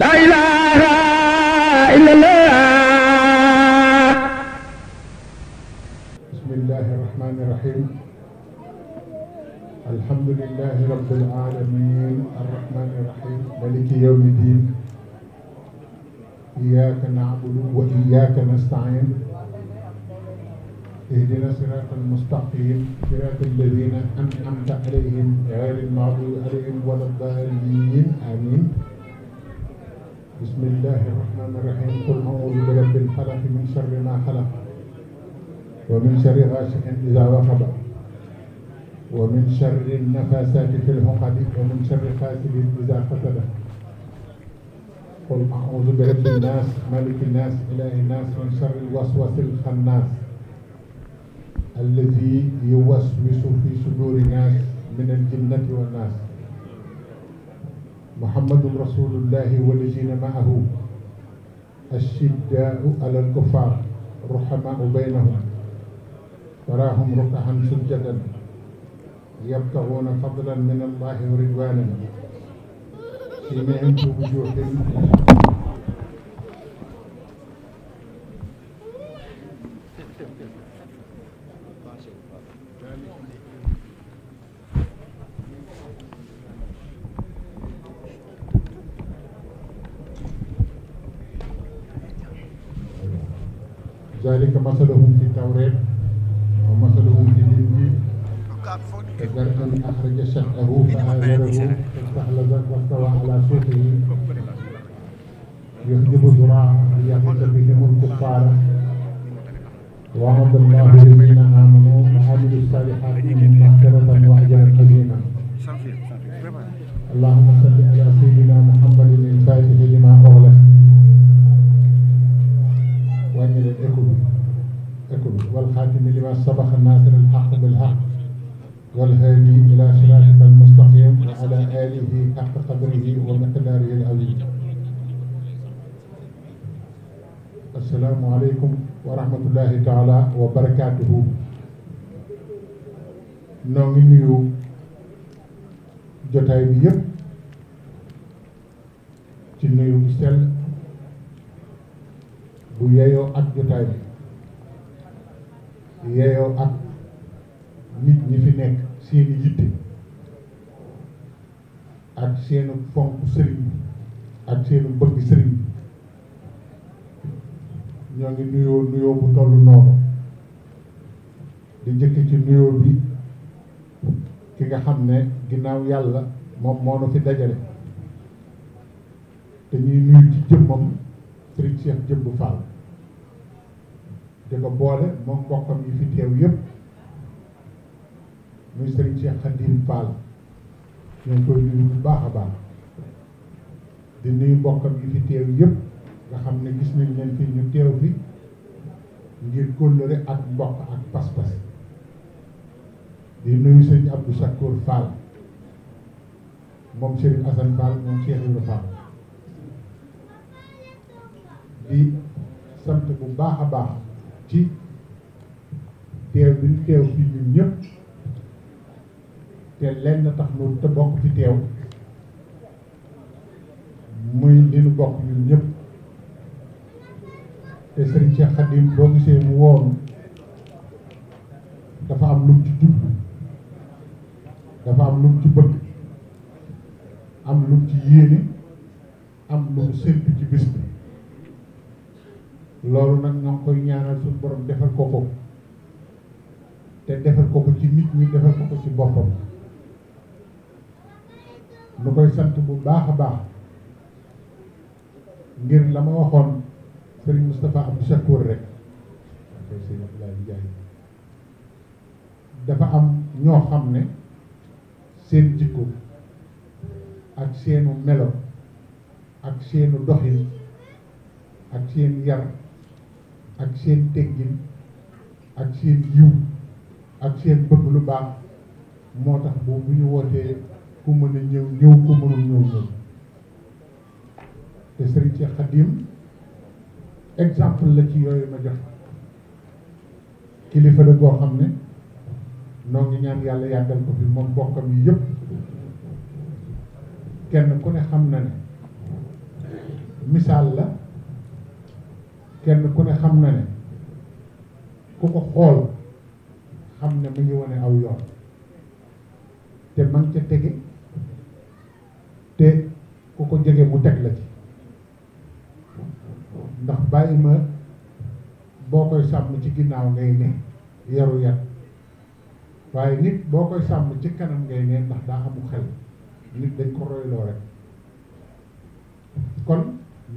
laa ilaaha illallah bismillahi rahmani rahim alhamdulillahi rabbil alamin arrahmani rahim maliki yawmi din iyyaka na'budu wa iyyaka nasta'in اهدنا صراط المستقيم صراط الذين انعمت عليهم غير المغضوب عليهم ولا الضالين امين بسم الله الرحمن الرحيم قل أعوذ برب الفلق من شر ما خلق ومن شر غاسق إذا وقب ومن شر النفاسات في العقد ومن شر حاسد إذا حسد قل أعوذ برب الناس ملك الناس إله الناس من شر الوسوس الخناس الذي يوسوس في صدور الناس من الجنة والناس محمد رسول الله والذين معه الشداء على الكفار رحماء بينهم تراهم ركعا سجدا يبتغون فضلا من الله ورضوانا سيمعهم بوجوههم masalahum fi tawreet wa masalahum fi linjiil te gartan axraja shaqahu fa aazarahu fastaxlaza wastawa ala suuqihi yuhdibu zuraa'a liyuhbita bihim al-kuffaara وعد الله الذين آمنوا وعملوا الصالحات منهم مغفرة وأجرا عظيما اللهم صل على والخاتم لما سبق الناصر الحق بالحق والهادي إلى صراطك المستقيم وعلى آله حق قدره ومقداره العظيم السلام عليكم ورحمة الله تعالى وبركاته noo ngi nuyu jotaay bi yëpp ci nuyu bu sell bu yeyoo ak jotaay bi yeeyoo ak nit ñi fi nekk seeni yitte ak seenu fonk sëriñ ak seenu bëgg sëriñ ñoo ngi nuyoo nuyoo bu toll noonu di jëkk ci nuyoo bi ki nga xam ne ginnaaw yàlla moom moo nu fi dajale te ñuy nuyu ci jëmmam sëriñ Cheikh Jëmb Fall di ko boole moom mbokkam yi fi teew yëpp muy sëriñ Cheikh Khadim Fall ñu ngi koy nuyu bu baax a baax di nuyu mbokkam yi fi teew yëpp nga xam ne gis nañ leen fii ñu teew fi ngir kóllëre ak mbokk ak pas-pas di nuyu sëriñ Abdou Sakour Fall moom sëriñ Assane Fall moom Cheikh Ibra Fall di sant bu baax a baax ci teew bi ñu teew fi ñun ñëpp te lenn tax loolu te bokk fi teew muy li nu bokk ñun ñëpp te Serigne Cheikh Khadim boo gisee mu woon dafa am lu ci jub dafa am lu ci bëgg am lu ci yéene am lu mu séntu ci bis loolu nag ñoo ngi koy ñaanal suñu borom defal ko ko te defar ko ko ci nit ñi defal ko ko ci boppam lu koy sant bu baax a baax ngir la ma waxoon Serigne Moustapha Abdou Chakour rek dafa am ñoo xam ne seen jikko ak seenu melo ak seenu doxin ak seen yar ak seen teggin ak seen yiw ak seen bëgg lu baax moo tax boobu ñu wootee ku mën a ñëw ñëw ku mënul ñëw ñëw te Sëriñ Cheikh Khadim exemple la ci yooyu ma jox kilifa la goo xam ne noo ngi ñaan yàlla yàggal ko fi moom bokkam yi yëpp kenn ku ne xam na ne misaal la kenn ku ne xam na ne ku ko xool xam ne mu ngi wane aw yoon te man ca tege te ku ko jege mu teg la ci ndax bàyyi ma boo koy sàmm ci ginnaaw ngay ne yaru yar waaye nit boo koy sàmm ci kanam ngay ne ndax daa amul xel nit dañ ko royloo rek kon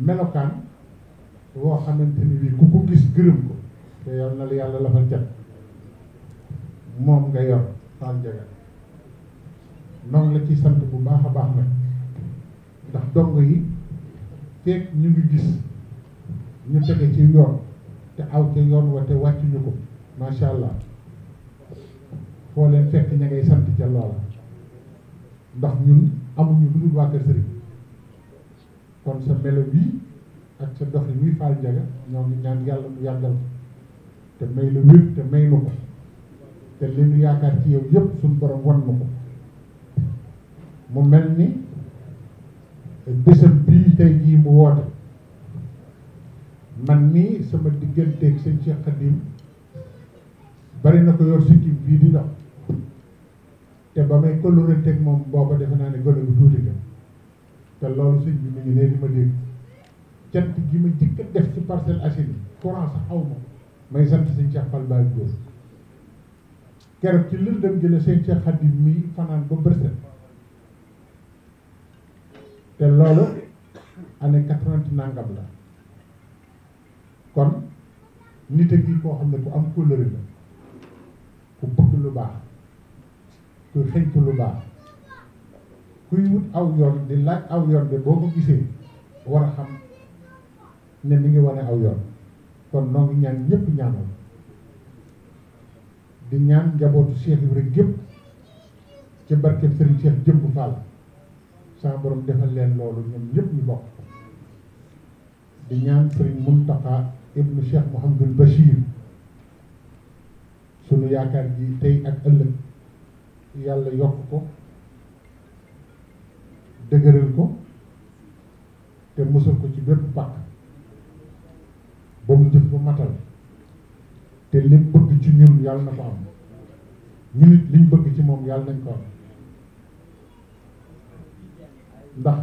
melokaan woo xamante ni bii ku ko gis gërëm ko te yal na la yàlla lafal cat moom nga yor Fall Ndiaga noonu la ciy sant bu baax a baax nag ndax dongo yi feeg ñu ngi gis ñu tege ci yoon te aw ca yoon wa te wàccuñu ko macha allah foo leen fekk ña ngay sant ca loola ndax ñun amuñu lu dul waa sëriñ kon sa melo bii ak sa dox yi Fall Ndiaga ñoo ngi ñaan yàlla mu yàggal te may la wér te may nu ko te li ñu yaakaar ci yow yëpp suñu borom wan na ko mu mel ni bésam bii tey jii mu woote man nii sama digganteeg sëñ Cheikh Khadim bari na ko yor sikkim bii di dox te ba may kóllëranteeg moom booba defe naa ne gone bu tuuti ka te loolu sëñ bi mu ngi ma dégg cant gi ma jëkk def ci Parcelles Assainies courant sax aw ma may sant sëñ Cheikh Fall Baye Góor ci lëndëm gi la sëñ Cheikh Khadim mii fanaan ba bërset te loolu année quatre-vingt nangam la kon nit a ngi koo xam ne ku am kóllëre la ku bëgg lu baax ku lu baax kuy wut aw yoon di laaj aw yoon de boo ko gisee war a xam ne mi ngi wane aw yoon kon noo ngi ñaan ñëpp ñaanal di ñaan njabootu Cheikh rek gépp ci barke Serigne Cheikh Jëmb Fall saa borom defal leen loolu ñoom ñëpp ñu bokk di ñaan Serigne Mountakha ibnu Cheikh Mouhamadul Bachir sunu yaakaar ji tey ak ëllëg yàlla yokk ko dëgëral ko te musal ko ci bépp pàkk ba mu jëf ba matal te lim bëgg yàlla na ko liñ bëgg ci moom yàlla nañ ko am ndax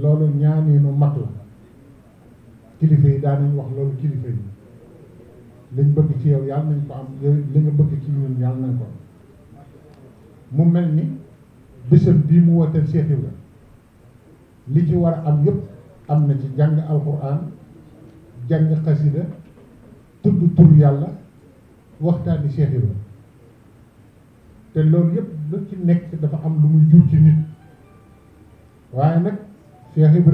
loolu ñaaniinu mag la kilifa yi daan nañ wax loolu kilifa yi liñ bëgg ci yow yàlla nañ ko am li nga bëgg ci ñun yàlla nañ ko am mu mel ni bésam bii mu wooteel Cheikh Ibra li ci war a am yëpp am na ci jàng alquran jàng xasida tudd tur yàlla waxtaani Cheikh Ibrahima te loolu yëpp lu ci nekk dafa am lu muy jur ci nit waaye nag Cheikh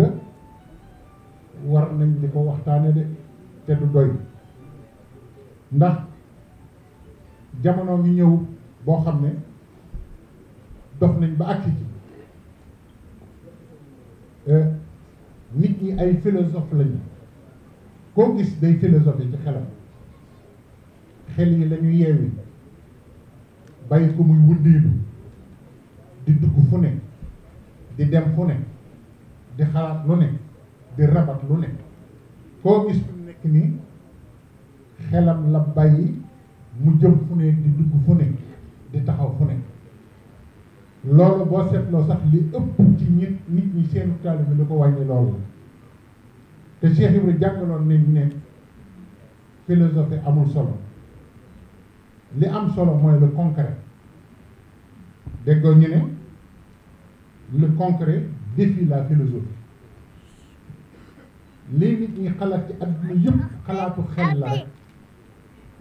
war nañ di ko waxtaane de te du doy ndax jamono mi ñëw boo xam ne dox nañ ba agsi ci eh, nit ñi ay philosophe lañu koo gis day philosophie ci xelam xel yi lañu yeewi bàyyi ko muy wundiilu di dugg fu ne di dem fu ne di xalaat lu ne di rabat lu ne koo gis mu nekk ni xelam la bàyyi mu jëm fu ne di dugg fu ne di taxaw fu ne loolu boo setloo sax li ëpp ci nit nit ñi seen taalibe bi lu ko wàññi loolu te Cheikh Ibrahima jàngaloon nañ ne philosophie amul solo li am solo mooy le concret déggoo ñu ne le concret défie la philosophie lii nit ñi xalaat ci àdduna yëpp xalaatu xel la rek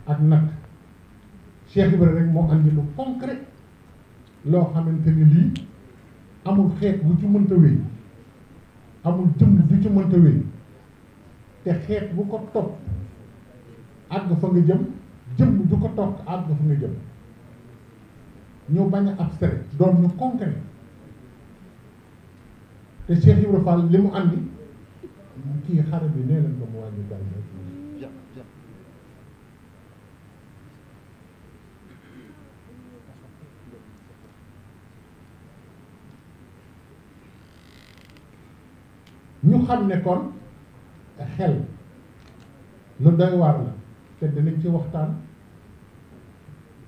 ak nag Cheikh Ibrahima rek moo andi lu concret loo xamante ni lii amul xeet bu ci mënta wéy amul jëmm bu ci mënta wéy te xeet bu ko topp àgg fa nga jëm jëm du ko topp àgg fa nga jëm ñu bañ a abstrait doon ñu concret te Cheikh Ibrahima Fall li mu andi kii xare bi nee leen ko mu wàññi daal ñu xam ne xel lu doy waar la te danañ ci waxtaan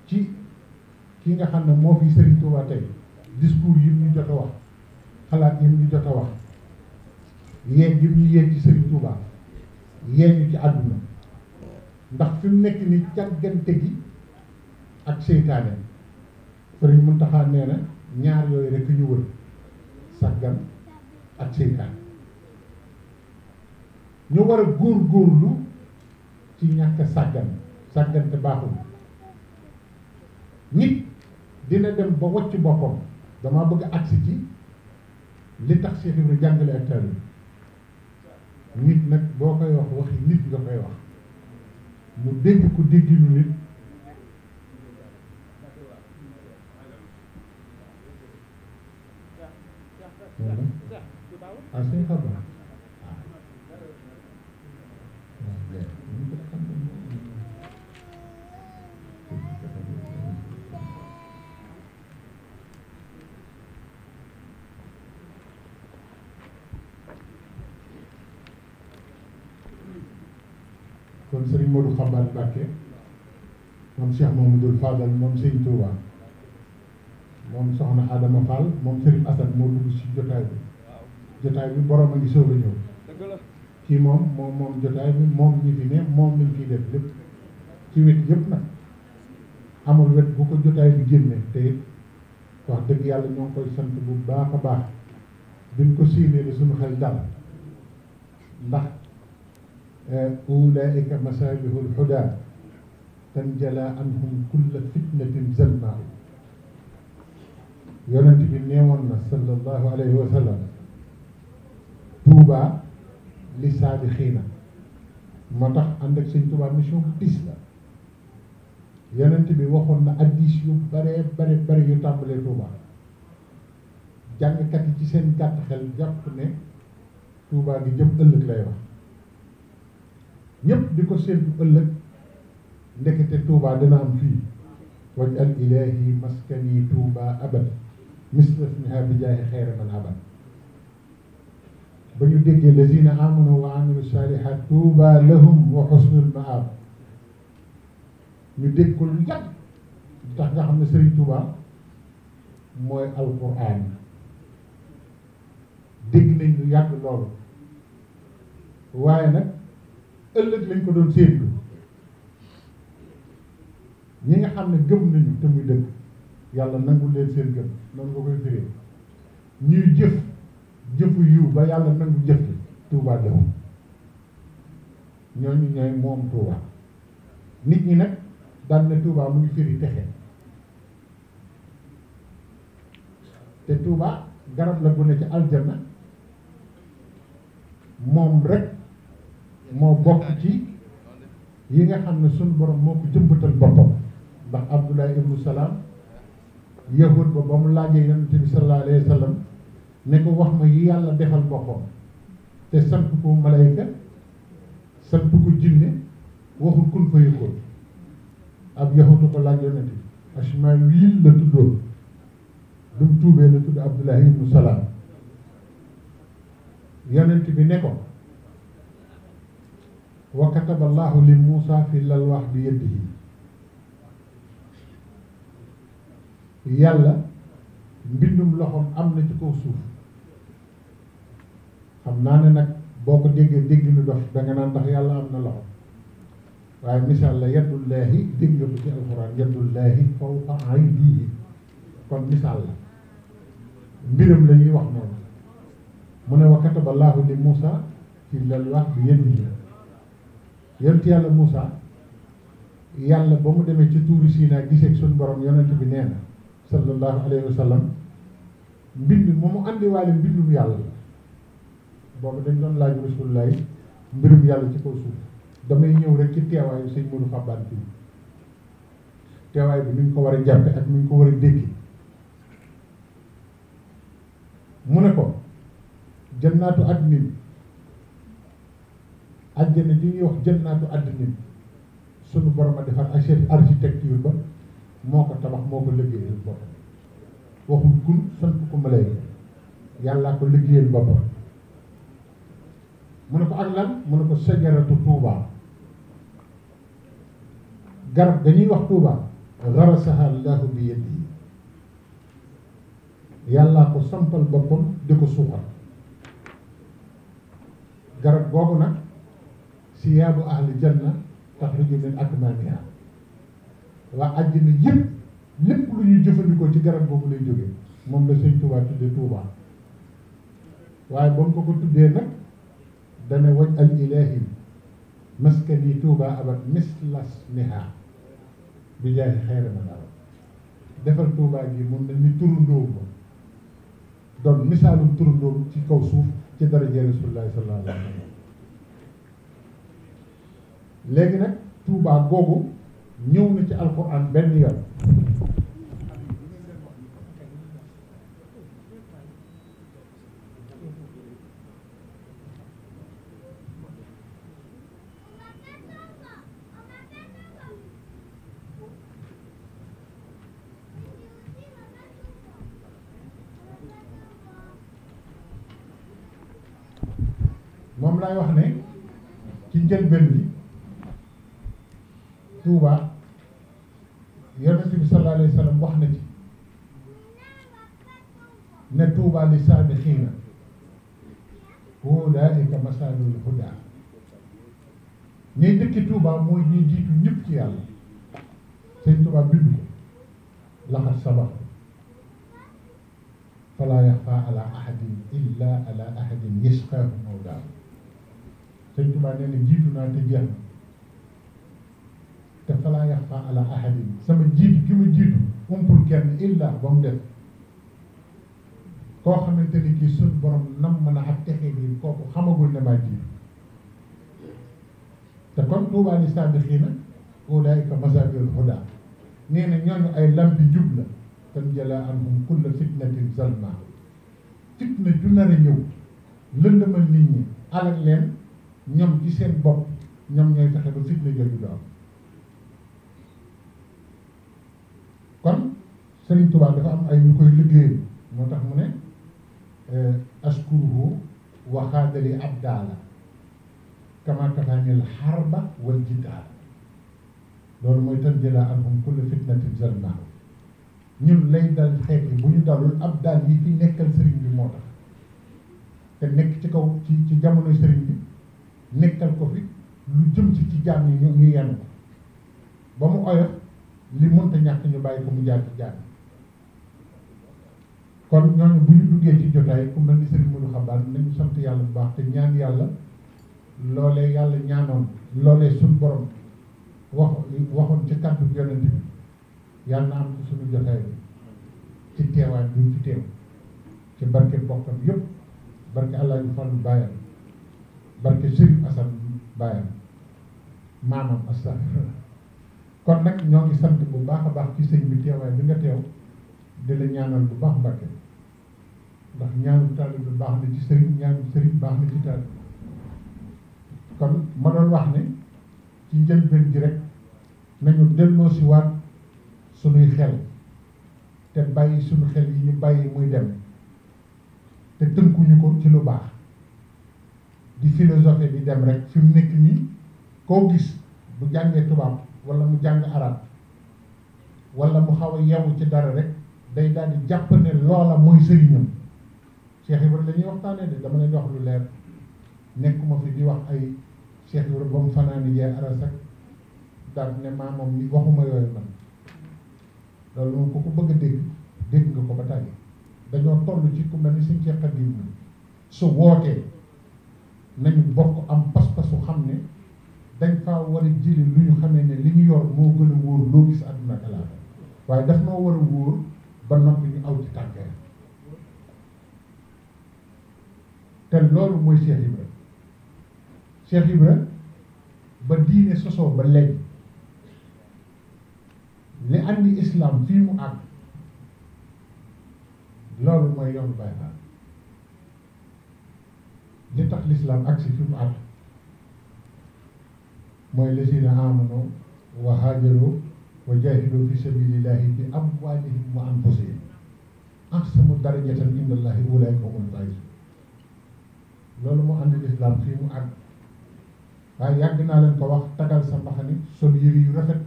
ci ki nga xam ne moo fi Serigne Touba tey discours yi ñu jot a wax xalaat yi ñu jot a wax yéen yi ñu yéen ci Serigne Touba yéen ci àdduna ndax fi mu nekk ni jàggante gi ak seytaane Serigne Mountakha nee na ñaar yooyu rek ñu wër sàggan ak seytaane ñu war a góorgóorlu ci ñàkk sàggan sàggan te baaxul nit dina dem ba wacc boppam damaa bëgg agsi ci li tax Cheikh Ibrahima jàngale ak nit nag boo koy wax waxi nit nga koy wax mu dégg ko dégg lu nit ah seen Modou Xabal Mbàkke moom Cheikh Mamadou Fadal moom Serigne Touba moom soxna Adama Fall moom jotaay bi jotaay bi borom a ngi soog a ñëw kii moom moom moom jotaay bi moom ñi ne moom lañ ciy def lépp ci wet yëpp nag amul wet bu ko jotaay bi génne te wax dëgg yàlla ñoo ngi koy sant bu baax a baax biñ ko siinee de suñu xel dal أولئك مسابه الحدى تنجلى عنهم كل فتنة زلمى yonent bi neewoon na sallallahu alayhi wa sallam Touba li saabi xiina moo tax ànd ak sëñ Touba mission bu tiis la yonent bi waxoon na addis yu bare bare bare yu tàmbalee Touba jàngkat yi ci seen gàtt xel jàpp ne Touba gi jëm ëllëg lay wax ñëpp di ko séntu ëllëg ndekete Touba dana am fii waj al ilahi maskani Touba abad mislasmiha bi jaahi xeyra man abad ba ñu déggee lazina amanu wa amilu salihat Touba lahum wa xusnul maab ñu dégg ko lu yàgg tax nga xam ne Serigne Touba mooy alquran dégg nañ lu yàgg loolu waaye nag ëllëg lañ ko doon séentu ñi nga xam ne gëm nañu te muy dëgg yàlla nangu leen seen gëm noonu nga koy firee ñuy jëf jëfu yiw ba yàlla nangu jëf ci tuubaa jëfam ñooñu ñooy moom tuubaa nit ñi nag daan ne tuubaa mu ngi firi texe te tuubaa garab la bu ne ci aljanna moom rek moo bokk ci yi nga xam ne suñu borom moo ko jëmbatal boppam ndax Abdullah ibnu Salaam yahud ba ba mu laajee yonent bi sallallahu ne ko wax ma yi yàlla defal boppam te sant ko malayka sant ko jinne waxul kun fa yëgoon ab yahudu ko laaj yonent bi asmaa wiil la tuddoon du mu tuubee la tudd Abdullah ibnu Salaam yonent bi ne ko wa kataba allahu li muusa fi lalwaax bi yadihi yàlla mbindum loxoom am na ci koo suuf xam naa ne nag boo ko déggee dégg nu dof danga naan ndax yàlla am na loxo waaye misaal la yadullaahi dégg nga ko ci alxuraan yadullaahi fawqa aydihi kon misaal la mbiram la ñuy wax noonu mu ne wa kataba li muusa fi lalwaax bi yadihi ci yàlla Moussa yàlla ba mu demee ci tuuru Sina gisee ak suñu borom yonent bi nee na sallallahu alayhi wa sallam mbind moomu àndiwaale mbindum yàlla la boobu dañ doon laaj rasulullah mbirum yàlla ci kaw suuf damay ñëw rek ci teewaayu sëñ Modou Fabane bi teewaay bi ni ñu ko war a jàppe ak ni ñu ko war a dékki mu ne ko jannaatu adnin àjjana ji ñuy wax jannaatu àddina sunu borom a defar achète architecture ba moo ko tabax moo ko liggéeyal boppam waxul kun sant ko malay yàllaa ko liggéeyal boppam mu ne ko ak lan mu ne ko sajaratu tuuba garab dañuy wax tuuba garasaha llahu bi yadihi yàllaa ko sampal boppam di ko suuxal garab googu nag siyaabu ahli janna taxruju min akmaamiha waa àjjana yëpp lépp lu ñuy jëfandikoo ci garab boobu lay jóge moom la sëñ Tuubaa tudde Tuubaa waaye ba mu ko ko tuddee nag dana waj al ilaahi maskani Tuubaa abat mislas niha bi jaahi xayra man arab defal Tuubaa gi mun nañ ni turundoo ko doon misaalum turundoo ci kaw suuf ci daraja Rasulullaahi sallallaahu alayhi wa léegi nag Touba googu ñëw na ci alxuraan benn yoon moom laay wax ne ci njëlbeen bi Touba yonent bi sallallahu alayhi wa sallam wax na ci ne Touba li saabixiina ulaa'ika masaanul hudaa ñuy dëkki Touba mooy ñuy jiitu ñëpp ci yàlla sëñ Touba bind ko laxat sabaq falaa yaxfaa ala ahadin illa ala ahadin yasqaahu mawlaahu sëñ Touba nee na jiitu naa te jeex illa ba mu def koo xamante ni kii suñ borom nam mën a ak texe bi kooku xamagul ne maa ji te kon tuubaa li saabixiina ulaa'ika masaabiul hudaa nee na ñooñu ay lampi jub la tan jëlaa anhum kulla fitnatin zalma fitna ju nar a ñëw lëndëmal nit ñi alal leen ñoom ci seen bopp ñoom ñooy fexe ba fitna jooju du Serigne Touba dafa am ay ñu koy liggéeyal moo tax mu ne eh, askuruhu waxaadali abdaala kama kafaanil xarba wal jidaala loolu mooy tan jëlaa anhum kulla fitnatin zalna ñun lay daal xeet yi bu ñu dalul ab daal yi fi nekkal sëriñ bi moo tax te nekk ci kaw ci ci jamono sëriñ bi nekkal ko fi lu jëm si ci jaam yi ñu ñu yenn ko ba mu oyof li mënta ñàkk ñu bàyyi ko mu jaar ci jaam kon ñooñu bu ñu duggee ci jotaay ku mel ni Serigne Modou Xabaan nañu sant yàlla bu baax te ñaan yàlla loolee yàlla ñaanoon loolee suñu borom wax waxoon ci kàddu yonent bi yàlla na am ci suñu jotaay bi ci teewaay bi ci teew ci barke bokkam yëpp barke Alaaji Fallu bàyyam barke Serigne Assane bàyyam maamam Assane kon nag ñoo ngi sant bu baax a baax ci sëñ bi teewaay bi nga teew di la bu baax Mbàkke ndax ñaanu taalibe baax na ci sëriñ ñaanu sëriñ baax na ci taalibe kon ma doon wax ne ci njëlbéen ji rek nañu delloo si waat sunuy xel te bàyyi sunu xel yi ñu bàyyi muy dem te tënkuñu ko ci lu baax di philosophie di dem rek fi mu nekk nii koo gis bu jàngee tubaab wala mu jàng arab wala mu xaw a yeewu ci dara rek day daal di jàpp ne loola mooy sëriñam Cheikh Ibrahima la ñuy waxtaanee de dama leen wax lu leer nekkuma fi di wax ay Cheikh Ibrahima ba mu fanaani jee aras ak daal ne maa moom ni waxuma yooyu man loolu moom ku ko bëgg a dégg dégg nga ko ba tàyyi dañoo toll ci ku mel ni suñ Cheikh Xadim su wootee nañu bokk am pas-pasu xam ne dañ faa war a jëli lu ñu xamee ne li ñu yor moo gën a wóor loo gis àdduna kalaa waaye daf noo war a wóor ba noppi ñu aw ci tànk te loolu mooy Cheikh Ibra Cheikh Ibra ba diine sosoo ba léegi li andi islam fii mu àgg loolu mooy yoonu Baay Faal li tax lislaam agsi fi mu àgg mooy lazina amanu wa haajaru wa jaahidu fi sabilillahi bi amwaalihim wa anfusihim ahsanu darajatan indallahi ulaa'ika humul faa'izuun loolu moo ànd lislaam fii mu àgg waaye yàgg naa leen ko wax tagal sa mbaxani sol yëri yu rafet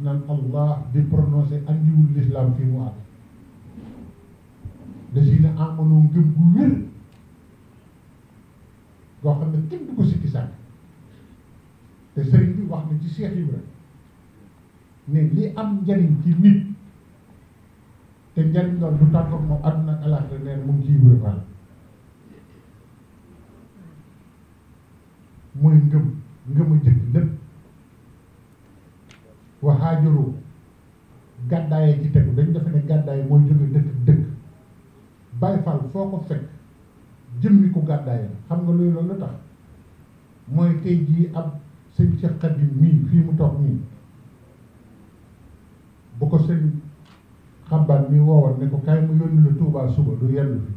naan allah di prononcé andiwul lislaam fii mu àgg da si ne amanoo ngëm gu wér goo xam ne ko sikki sàkk te sëriñ bi wax na ci Seex Ibra ne li am njariñ ci nit te njariñ loolu du tàggoog moom àdduna ak alaaxira neen mu ngi ci Ibra Faal mooy ngëm ngëm a jëkk lépp waxaajaloo gàddaayee ci tegu dañu defe ne gàddaay mooy jóge dëkk dëkk Baay foo ko fekk jëmmi ni ku la xam nga luy loolu la tax mooy tey jii ab sëñ Cheikh Khadim mii fii mu toog nii bu ko sëñ xambaan mi woowoon ne ko kaay mu yónni la Tuubaa suba du yenn fi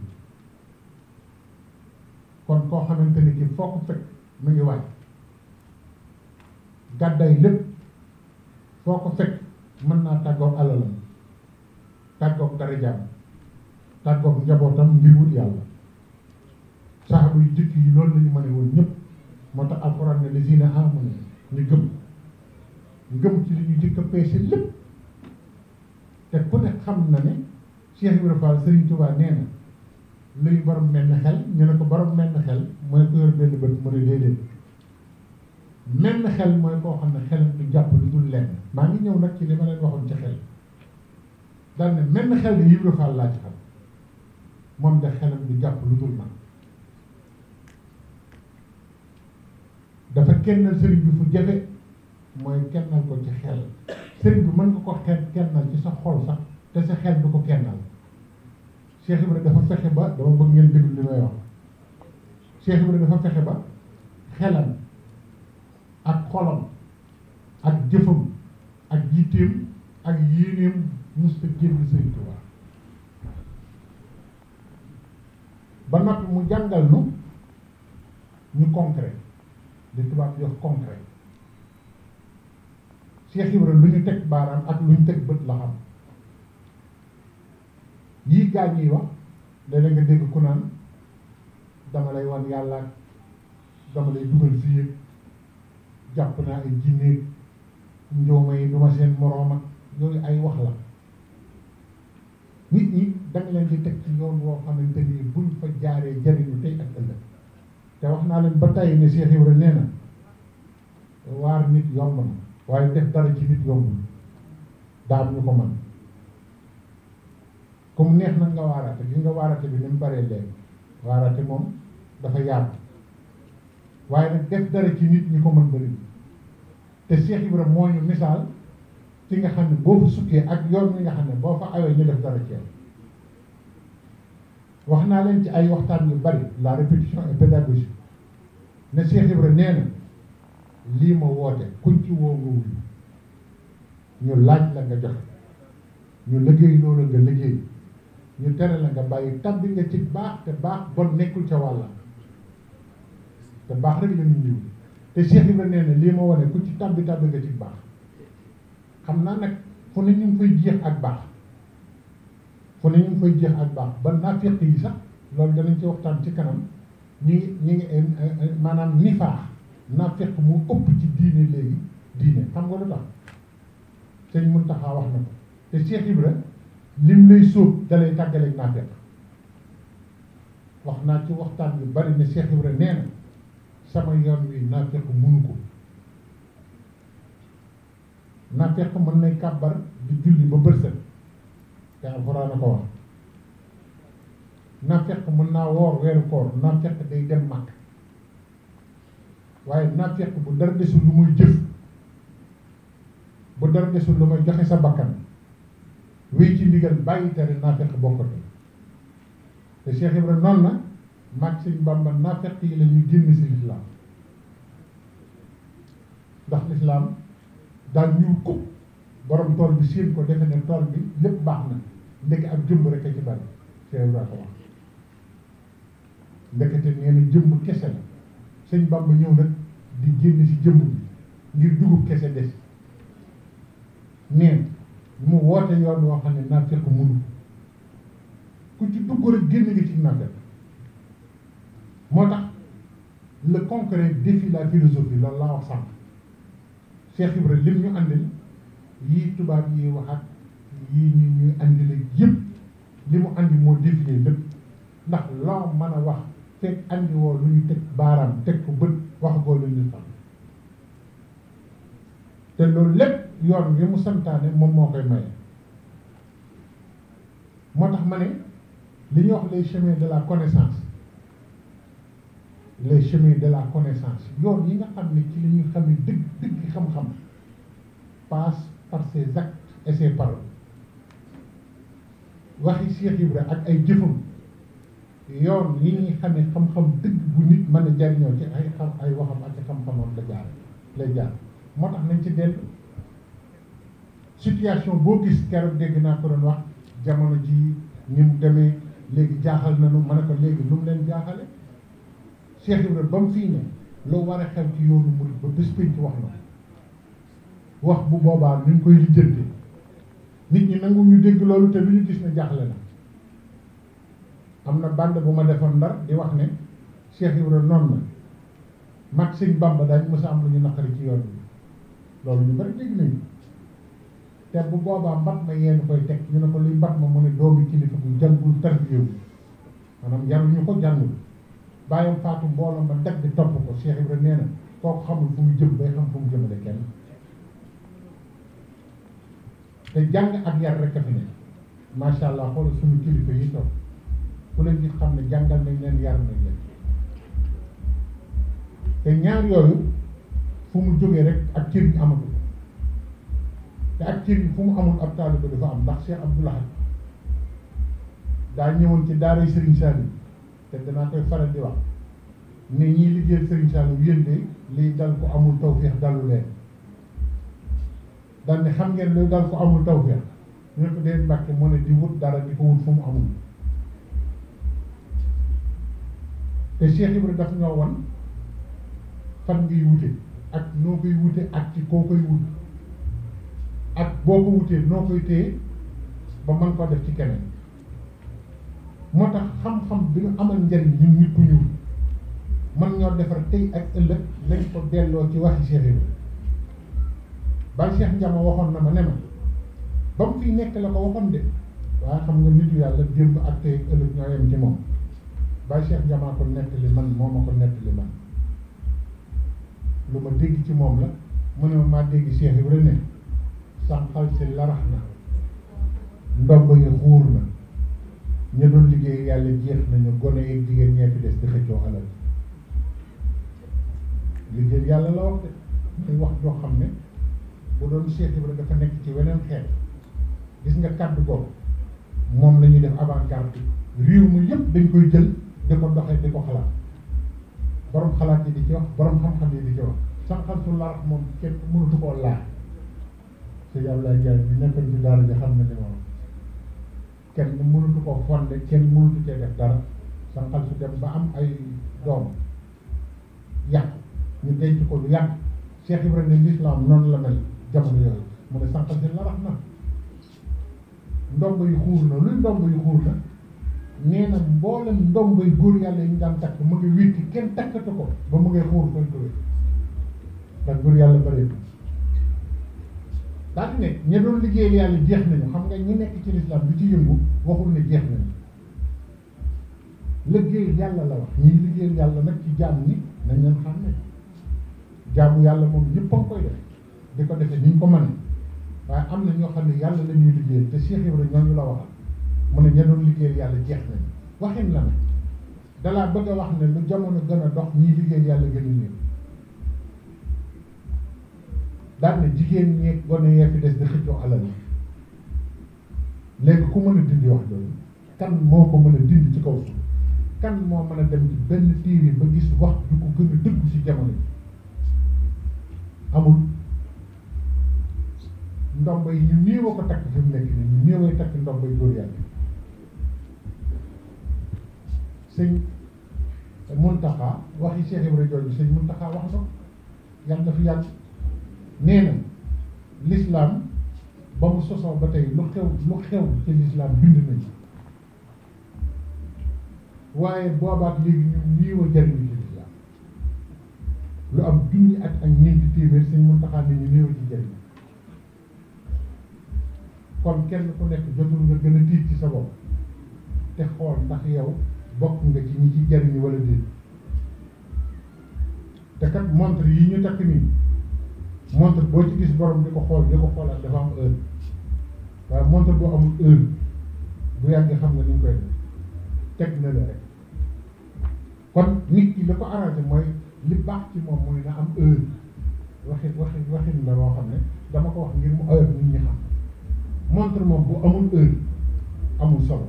kon koo xamante ni ki foo ko fekk mu ngi waaj gàddaay lépp foo ko fekk mën naa tàggoog alalam tàggoog darajaam tàggoog njabootam ngir wut yàlla saxabu yu jëkk yi loolu lañu mën a woon ñëpp moo tax alxuraan ne lazina amanu ñu gëm ngëm ci li ñu jëkk a peese lépp te ku ne xam na ne Cheikh Ibrahima Fall Serigne Touba nee na luy borom mel na xel ñu ne ko boroom mel na xel mooy ku yor benn bët mu ne déedéet mel na mooy koo xam ne xelam du jàpp lu dul lenn maa ngi ñëw nag ci li ma leen waxoon ci xel daal ne laa ci xam moom de xelam du jàpp lu dul man dafa kennal sëriñ bi fu jafe mooy kennal ko ci xel sëriñ bi mën nga ko xel kenn ci sa xol sax te sa xel du ko kennal Cheikh Ibrahima dafa fexe ba dama bëgg ngeen déglu li may wax Cheikh Ibrahima dafa fexe ba xelam ak xolam ak jëfam ak jiiteem ak yéeneem musta génn Sëriñ Tuubaa ba noppi mu jàngal nu ñu concret li tubaab di wax concret Cheikh lu ñu teg baaraam ak lu ñu teg bët la yii gaa ngi wax léeg nga dégg ku naan dama lay wan yàlla dama lay dugal fii jàpp naa ay jinne njooma yi du ma seen moroom ak ay wax la nit ñi danga leen di teg yoon woo xamante ni buñ fa jaaree jariñu tey ak ëllëg te wax naa leen ba tey ne Cheikh Ibrahima nee na waar nit yomb na waaye def dara ci nit yomb daal ñu ko mën comme neex nag nga waaraate gis nga waaraate bi ni mu baree léegi waaraate moom dafa yaatu waaye nag def dara ci nit ñi ko mën bëri te Cheikh Ibra moo ñu misaal ci nga xam ne boo fa sukkee ak yoon mi nga xam ne boo fa awee ñu def dara ci wax naa leen ci ay waxtaan yu bari la répétition et pédagogie ne Cheikh Ibra nee na lii ma woote kuñ ci woo nga wuyu ñu laaj la nga joxe ñu liggéey loolu nga liggéey ñu tere la nga bàyyi tàbbi nga ci baax te baax bon nekkul ca wàlla te baax rek la ñu ñëw te Cheikh nee ne lii ma wane ku ci tàbbi tàbbi nga ci baax xam naa nag fu ne ñu ngi koy ak baax fu ne ñu ngi koy jeex ak baax ba naafeq yi sax loolu danañ ci waxtaan ci kanam ñu ngi ñu ngi maanaam nifaax naafeq mu ëpp ci diine léegi diine xam nga lu tax sëñ Muntaxa wax na te Cheikh Ibra lim lay sóob da lay tàggaleeg naa wax naa ci waxtaan yu bari ne Cheikh Ibra nee na sama yoon wi naa fekk munu ko naa fekk mën nay kàbbar di julli ba bërsëg te alxuraan na ko wax naa mën naa woor weeru koor naa day dem màkk waaye naa fekk bu dara desul lu muy jëf bu dara desul lu may joxe sa bakkan wéy ci ndigal bàyyi tere naafeq bokkatu te Cheikh Ibra noonu na mag Sëñ Bàmba naafeq yi lañuy ñuy génn si lislaam ndax lislaam daan ñuul ko borom tool bi séen ko defe ne tool bi lépp baax na ndekk ak jëmb rek a ci bari Cheikh Ibra ko wax ndekete nee na jëmb kese la Sëñ Bàmba ñëw nag di génn si jëmb bi ngir dugub kese des neen mu woote yoon woo xam ne naafeq ko ku ci dugg rek génn nga ci naafeq moo tax le concret défie la philosophie loolu laa wax sànq Cheikh Ibra lim ñu àndil yii tubaab yi wax ak yii ñu ñuy àndil ak li mu àndi moo défier lépp ndax loo mën a wax fekk àndi woo lu ñu teg baaraam teg ko bët wax goo lu ñu xam te loolu lépp yoon bi mu santaane moom moo koy maye moo tax ma ne li ñuy wax les chemins de la connaissance les chemins de la connaissance yoon yi nga xam ne ci li ñuy xam ne dëgg dëgg xam-xam passe par ses actes et ses paroles waxi Cheikh Ibra ak ay jëfam yoon yi ñuy xamee xam-xam dëgg bu nit mën a jariñoo ci ay xam ay waxam ak ci xam-xamam la jaar lay jaar moo tax nañ ci dellu situation boo gis keroog dégg naa ko doon wax jamono ji ni mu demee léegi jaaxal na nu ma ne ko léegi lu mu leen jaaxale Cheikh Ibrahima ba mu fii ne loo war a xew ci yoonu murid ba bés pénc wax na wax bu boobaa nu ñu koy lijjante nit ñi nangu ñu dégg loolu te lu ñu gis ne jaaxle na am na bande bu ma defoon ndar di wax ne Cheikh Ibrahima noonu na mag sëñ Bamba daañu ma a am lu ñu naqari ci yoon bi loolu ñu bari dégg nañu te bu boobaa mbat ma yéen koy teg ñu ne ko luy mbat ma mu ne doomi kilifa bu jàngul tarbiyewu maanaam yaruñu ko jàngul bàyyam faatu mbooloo ma teg di topp ko Cheikh Ibrahima nee na kooku xamul fu mu jëm bay xam fu mu jëmale kenn te jàng ak yar rek a fi ne macha allah xoolal suñu kilifa leen xam ne jàngal nañ leen yar nañ te ñaar yooyu fu mu jógee rek ak cër ñu te ak cër fu mu amul ab taalibe dafa am ndax Cheikh Abdou daa ñëwoon ci daaray Serigne Saliou te danaa koy faral di wax ne ñiy liggéeyal Serigne Saliou yéen de liy dal ko amul tawféex dalu leen daal xam ngeen luy dal ko amul tawféex ñu ne ko dee Mbàkke mu ne di wut dara di ko fu mu amul te Cheikh Ibrahima daf ñoo won fan ngay wute ak noo koy wute ak ci koo koy wut ak boo ko wutee noo koy téye ba mën koo def ci keneen moo tax xam-xam bi nga amal njëriñ ñun nit ku ñuul mën ñoo defar tey ak ëllëg lañ ko delloo ci waxi Cheikh Ibra bàyyi Cheikh waxoon na ma ne ba mu fiy nekk la ko waxoon de waaye xam nga nitu yàlla démb ak tey ëllëg ñoo yem ci moom bàyyi Cheikh Ndiama ko nettali man moo ma ko nettali man lu ma dégg ci moom la mu maa dégg Cheikh Ibra sànqal si larax na ndomb yi xuur na ñu doon liggéey yàlla jeex nañu gone yeeg jigéen ñee fi des di xëccoo alal liggéey yàlla la wax de muy wax joo xam ne bu doon Cheikh Ibra dafa nekk ci weneen xeet gis nga kàddu boobu moom la ñuy def avant-garde réew mi yëpp dañ koy jël di ko doxee di ko xalaat borom xalaat yi di ci wax borom xam-xam yi di ci wax sànqal su larax moom kenn mënatu koo laal. yàlla Abdoulaye Diagne bi nekkoon ci daara ji xam na li moom kenn mënutu ko fonde kenn mënutu cee def dara sa xal su dem ba am ay doom yàq ñu denc ko lu yàq Cheikh Ibrahima ne lislaam noonu la mel jamono yooyu mu ne sànqal si la wax na ndomb yu xuur na luy ndomb yu xuur na nee na mboolem ndomb yu góor yàlla yi ñu daan takk mu ngi witti kenn takkatu ko ba mu ngi xuur koy duwe ndax góor yàlla bëreetul daal di ne ña doon liggéeyal yàlla jeex nañu xam nga ñi nekk ci lislaam bi ci yëngu waxul ne jeex nañu liggéeyal yàlla la wax ñi liggéeyal yàlla nag ci jaam ñi nañ xam ne jaamu yàlla moom ñëpp a koy def di ko defee ni ñu ko mën waaye am na ñoo xam ne yàlla la ñuy liggéeyal te Cheikh Ibrahima ñooñu la waxal mu ne ña liggéey yàlla jeex nañu waxin la nag dalaa bëgg a wax ne lu jamono gën a dox ñiy liggéeyal yàlla gën a néew daan na jigéen ñeeg gone yee fi des di xëccoo alal léegi ku mën a dindi wax loolu kan moo ko mën a dindi ci kaw suuf kan moo mën a dem ci benn téere ba gis wax du ko gën a dëggu ci jamono amul ndomba yi ñu néew ko takk fi mu nekk nii ñu néew a takk ndomba yi góor yàlla sëñ Muntaxa waxi Cheikh Ibrahima jooju sëñ Muntaxa wax na yàlla na fi yàgg. nee na l'islam ba mu sosoo ba tey lu xew lu xew ci l'islam bind nañ waaye boobaat léegi ñun lii jariñu ci l'islam lu am junni at ak ñeenti téeméer sëñ Muntaxa ne ñu néew ci jariñu kon kenn ku nekk jotul nga gën a tiit ci sa te xool ndax yow bokk nga ci ñi ci jariñu wala déet te kat yi ñu takk nii montre boo ci gis borom di ko xool di ko xoolaat dafa am heure waaye montre boo amul heure bu yàgg xam nga ni ñu na la rek kon nit ki la ko arrangé mooy li baax ci moom mooy na am heure waxi waxi waxin la loo xam ne dama ko wax ngir mu heure nit ñi xam montre moom bu amul heure amul solo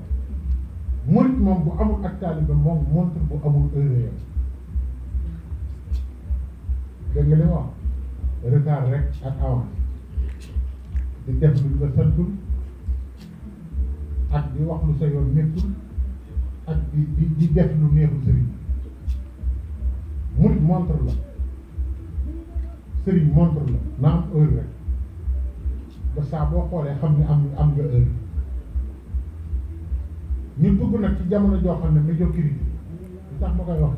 murit moom bu amul ak taalibe moom montre bu amul heure yow dégg nga li ma wax retard rek ak avance di def lu la santul ak di wax lu sa yoon nekkul ak di di di def lu neexul sëriñ murit montre la sëriñ montre la na am heure ba saa boo xoolee xam ne am am nga heure ñu dugg nag ci jamono joo xam ne médiocrité li tax ma koy wax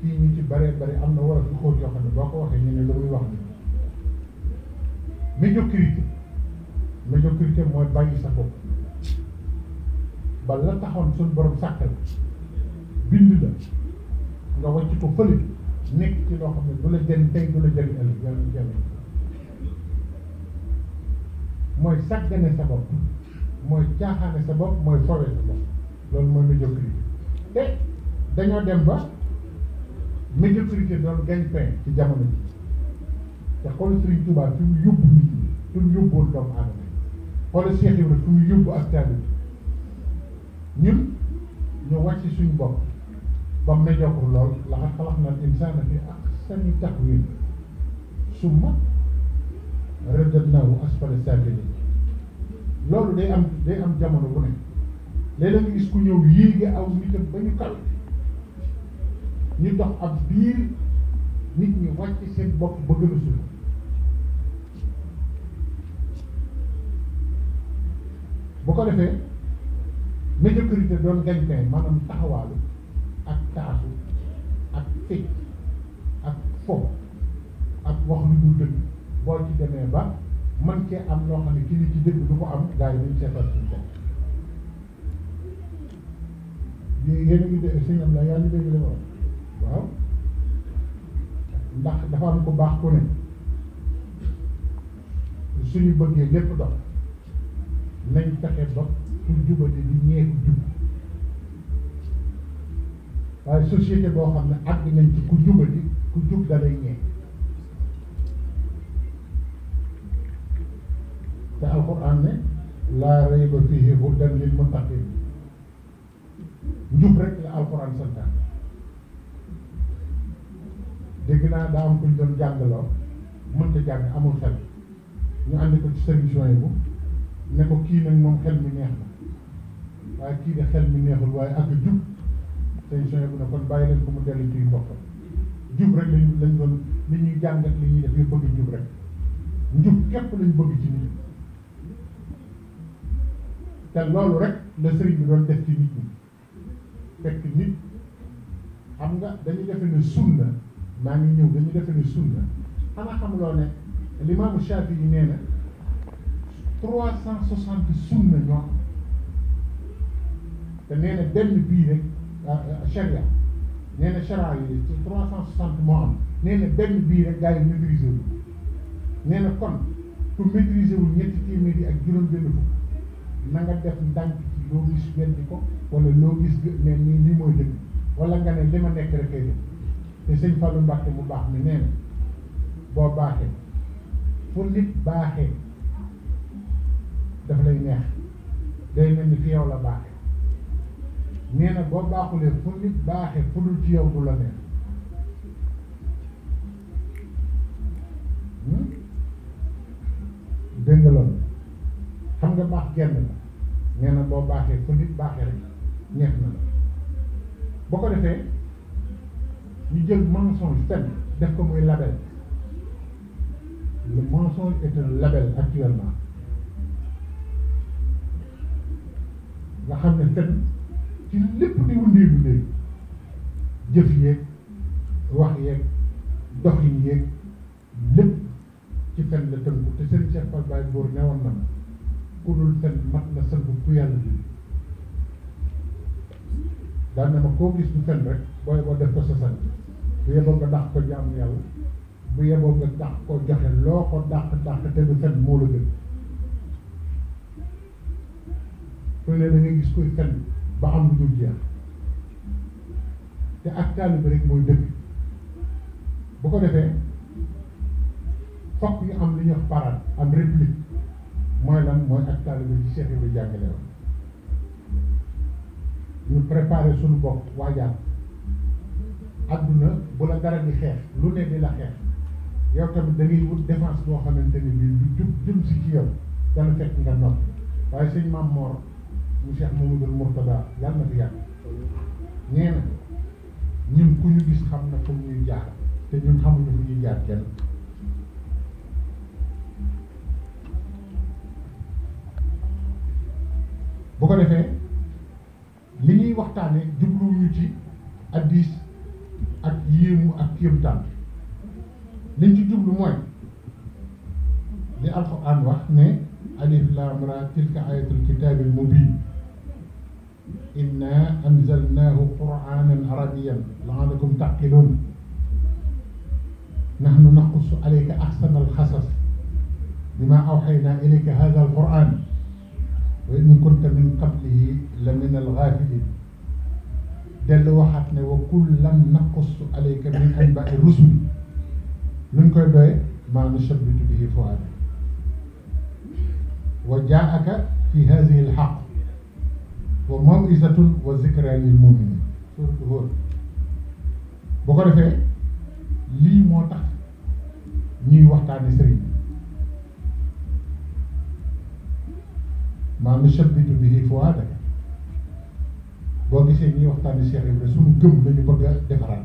fii ñu ci bëree bëri am na wala fi xóot yoo xam ne boo ko waxee ñu ne lu muy wax nii médiocrité médiocrité mooy bàyyi sa ba la taxoon suñu borom sàkk la bind la nga wàcc ko fële nekk ci loo xam ne du la jëriñ tey du la jëriñ ëllëg yàlla jëriñ mooy sàggane sa bopp mooy caaxaane sa bopp mooy fowe sa bopp loolu mooy dem ba. médiocrité doon gagne-pain ci jamono ji te xool Serigne Touba fi mu yóbbu nit ñi fi mu yóbbuwoon doomu aadama yi xool Cheikh Ibra fi mu yóbbu ak taalibe bi ñun ñu wàcc suñu bopp ba médiocre lool laqad xalaqnal insaana fi ahsani taqwiim summa radadnaahu asfala saafiliin loolu day am day am jamono bu ne léeg-léeg nga gis ku ñëw yéege aw nitam ba ñu kal ñu dox ab biir nit ñi wàcc seen bopp ba gën a suuf bu ko defee médiocrité doon gañtee maanaam taxawaalu ak taasu ak fecc ak fo ak wax lu dul dëgg boo ci demee ba man cee am loo xam ne ki li ci dëgg du ko am gars yi dañ seetal suñu bopp yéen a ngi dégg sëñ am la yaa ngi dégg li ma wax waaw ndax dafa am ku baax ku ne suñu bëggee lépp dox nañ fexe ba pour jubati di ñeeku jub waaye société boo xam ne àgg nañ ci ku jubati ku jub da lay ñeek te alxuraan ne laa rayba fiihi hudan lil muttaqin njub rek la alxuraan santaan léegi naa daa am kuñ doon jàngaloo mënta jàng amul xel ñu ànd ko ci service yooyu bu ne ko kii nag moom xel mi neex na waaye kii de xel mi neexul waaye ak jub service yooyu bu ne kon bàyyi leen ko mu dellu ci boppam jub rek lañ lañ doon li ñuy jàngat li ñuy def yëpp njub képp lañ bëgg ci nit te loolu rek la sëriñ bi doon def ci nit ñi fekk nit xam nga dañuy defe ne sunna maa ngi ñëw dañu defe ni sunna xanaa xamuloo ne limaamu Shaafi yi nee na trois cent soixante sunna ñoo te nee na benn bii rek charia ah, ah, nee na charia yi ci trois cent soixante moo am nee na benn bii rek gars yi maîtriser wu nee kon ku maîtriser wu ñetti téeméer yi ak juróom-benn fukk na nga def ndànk ci loo gis weddi ko wala loo gis ne nii wala nga ne li ma nekk rek te sëñ Fallou Mbacke mu baax mi nee na boo baaxee fu nit baaxee daf lay neex day mel ni fi yow la baaxee nee boo baaxulee fu nit baaxee fu dul ci yow du la hmm? xam nga baax genn la nee boo baaxee fu nit baaxee rek neex na la boo ko defee. ñu jël mensonge fen def ko muy label le mensonge est label actuellement nga xam ne fen ci lépp di wundeebu léegi jëf yeeg wax yeeg dox yi yeeg lépp ci fen la tënku te sëriñ Cheikh Fall Baye Mbour ne woon na ma ku dul fen mat na sangu ku yàlla bi daan koo gis du fen rek booy boo def ko sa sant bu yeboo nga dàq ko jaamu yàlla bu yeboo nga dàq ko joxe loo ko dàq dàq te du fen moo la gën fu ne da nga gis koy fen ba xam lu dul jeex te ak taalibe rek mooy dëgg bu ko defee fokk yu am li ñuy wax parade am réplique mooy lan mooy ak taalibe ci Cheikh Ibrahima jàngale woon ñu préparé suñu bopp waajaat adduna bu la dara di xeex lu ne di la xeex yow tamit da wut défense boo xamante ne bii lu jub jëm si ci yow dana fekk nga nopp waaye sëñ Maam Mor mu Cheikh Mamadou Mourtada yàlla na fi yàgg nee na ñun ku ñu gis xam na fu ñuy jaar te ñun xamuñu fu ñuy jaar kenn. bu ko defee li ñuy waxtaanee jubluwuñu ci addis. ak yéemu ak kéemtaan liñ ci jublu mooy li alxuraan wax ne alif laam ra tilka ayatul kitaabil mubiin inna anzalnaahu quraanan arabiyyan la'allakum taqiloon nahnu naqussu alayka ahsanal qasas bimaa awxaynaa ilayka haazal quraan wa in kunta min qablihi la minal gaafiliin dellu waxaat ne wa kullan naqussu alayka min anba'i rusul luñ koy doye maa nusabbitu bihi fu'aadak wa jaa'aka fi haadihi al-haqq wa maw'izatun wa zikraa lil mu'miniin suratu Huud bu ko defee lii moo tax ñuy waxtaane sëriñ maa nusabbitu bihi fu'aadak boo gisee ñuy waxtaanee Cheikh Ibrahima suñu gëm la ñu bëgg a defaraat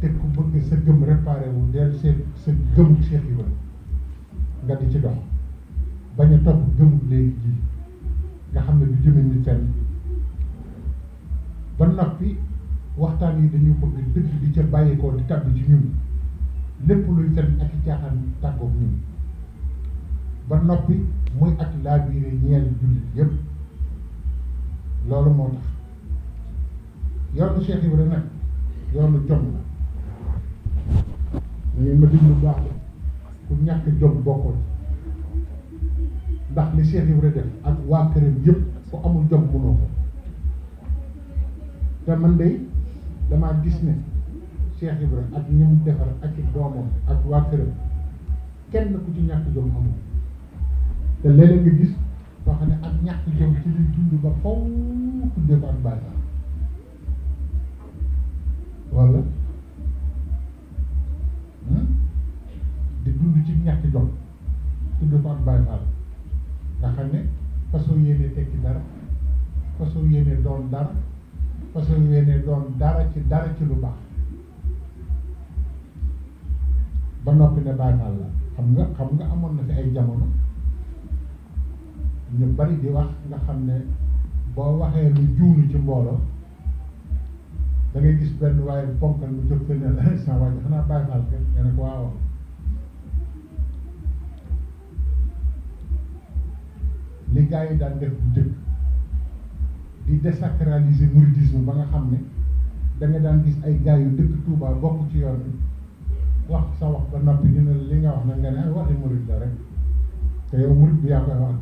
te ku bëgg sa gëm réparé wu del seet sa gëm Cheikh Ibrahima nga di ci dox ba ñu topp gëm léegi ji nga xam ne du jëme nit fenn ba noppi waxtaan yi dañuy bëgg dëgg di ca bàyyeekoo di tàbbi ci ñun lépp luy fen ak i caaxaan ñun ba noppi muy ak laa biire ñeel jullit yépp loolu moo tax yoonu Cheikh Ibrahima nag yoonu jom la mais ma dig lu baax ku ñàkk jom bokkul ndax li Cheikh Ibrahima def ak waa këram yëpp ku amul jom mënoo ko te man de damaa gis ne Cheikh Ibrahima ak ñi mu defar ak i ak waa kenn ku ci ñàkk jom amul te léeg nga gis. boo xam ne ak ñàkk jom ci lay dund ba faw tuddee ko ak bàyyi wala hmm? di dund ci ñàkk jom tuddee ko ak xam ne fasoo yéenee tekki dara fasoo yéenee doon dara fasoo yéenee doon dara ci dara ci lu baax ba noppi ne bàyyi la xam nga xam nga amoon na fi ay jamono bari di wax nga xam ne boo waxee lu juunu ci mbooloo da gis benn waaye bu ponkal mu jóg fële ne la eh, saa waay dafa naa bàyyi faal rek nga ne ko waaw li gars yi daan def bu njëkk di désacraliser mouridisme ba nga xam ne da nga daan gis ay gars yu dëkk Touba ci yoon bi wax sa wax ba noppi ñu ne li nga wax nag nga ne ay waxi murid la rek te yow murid bi yaa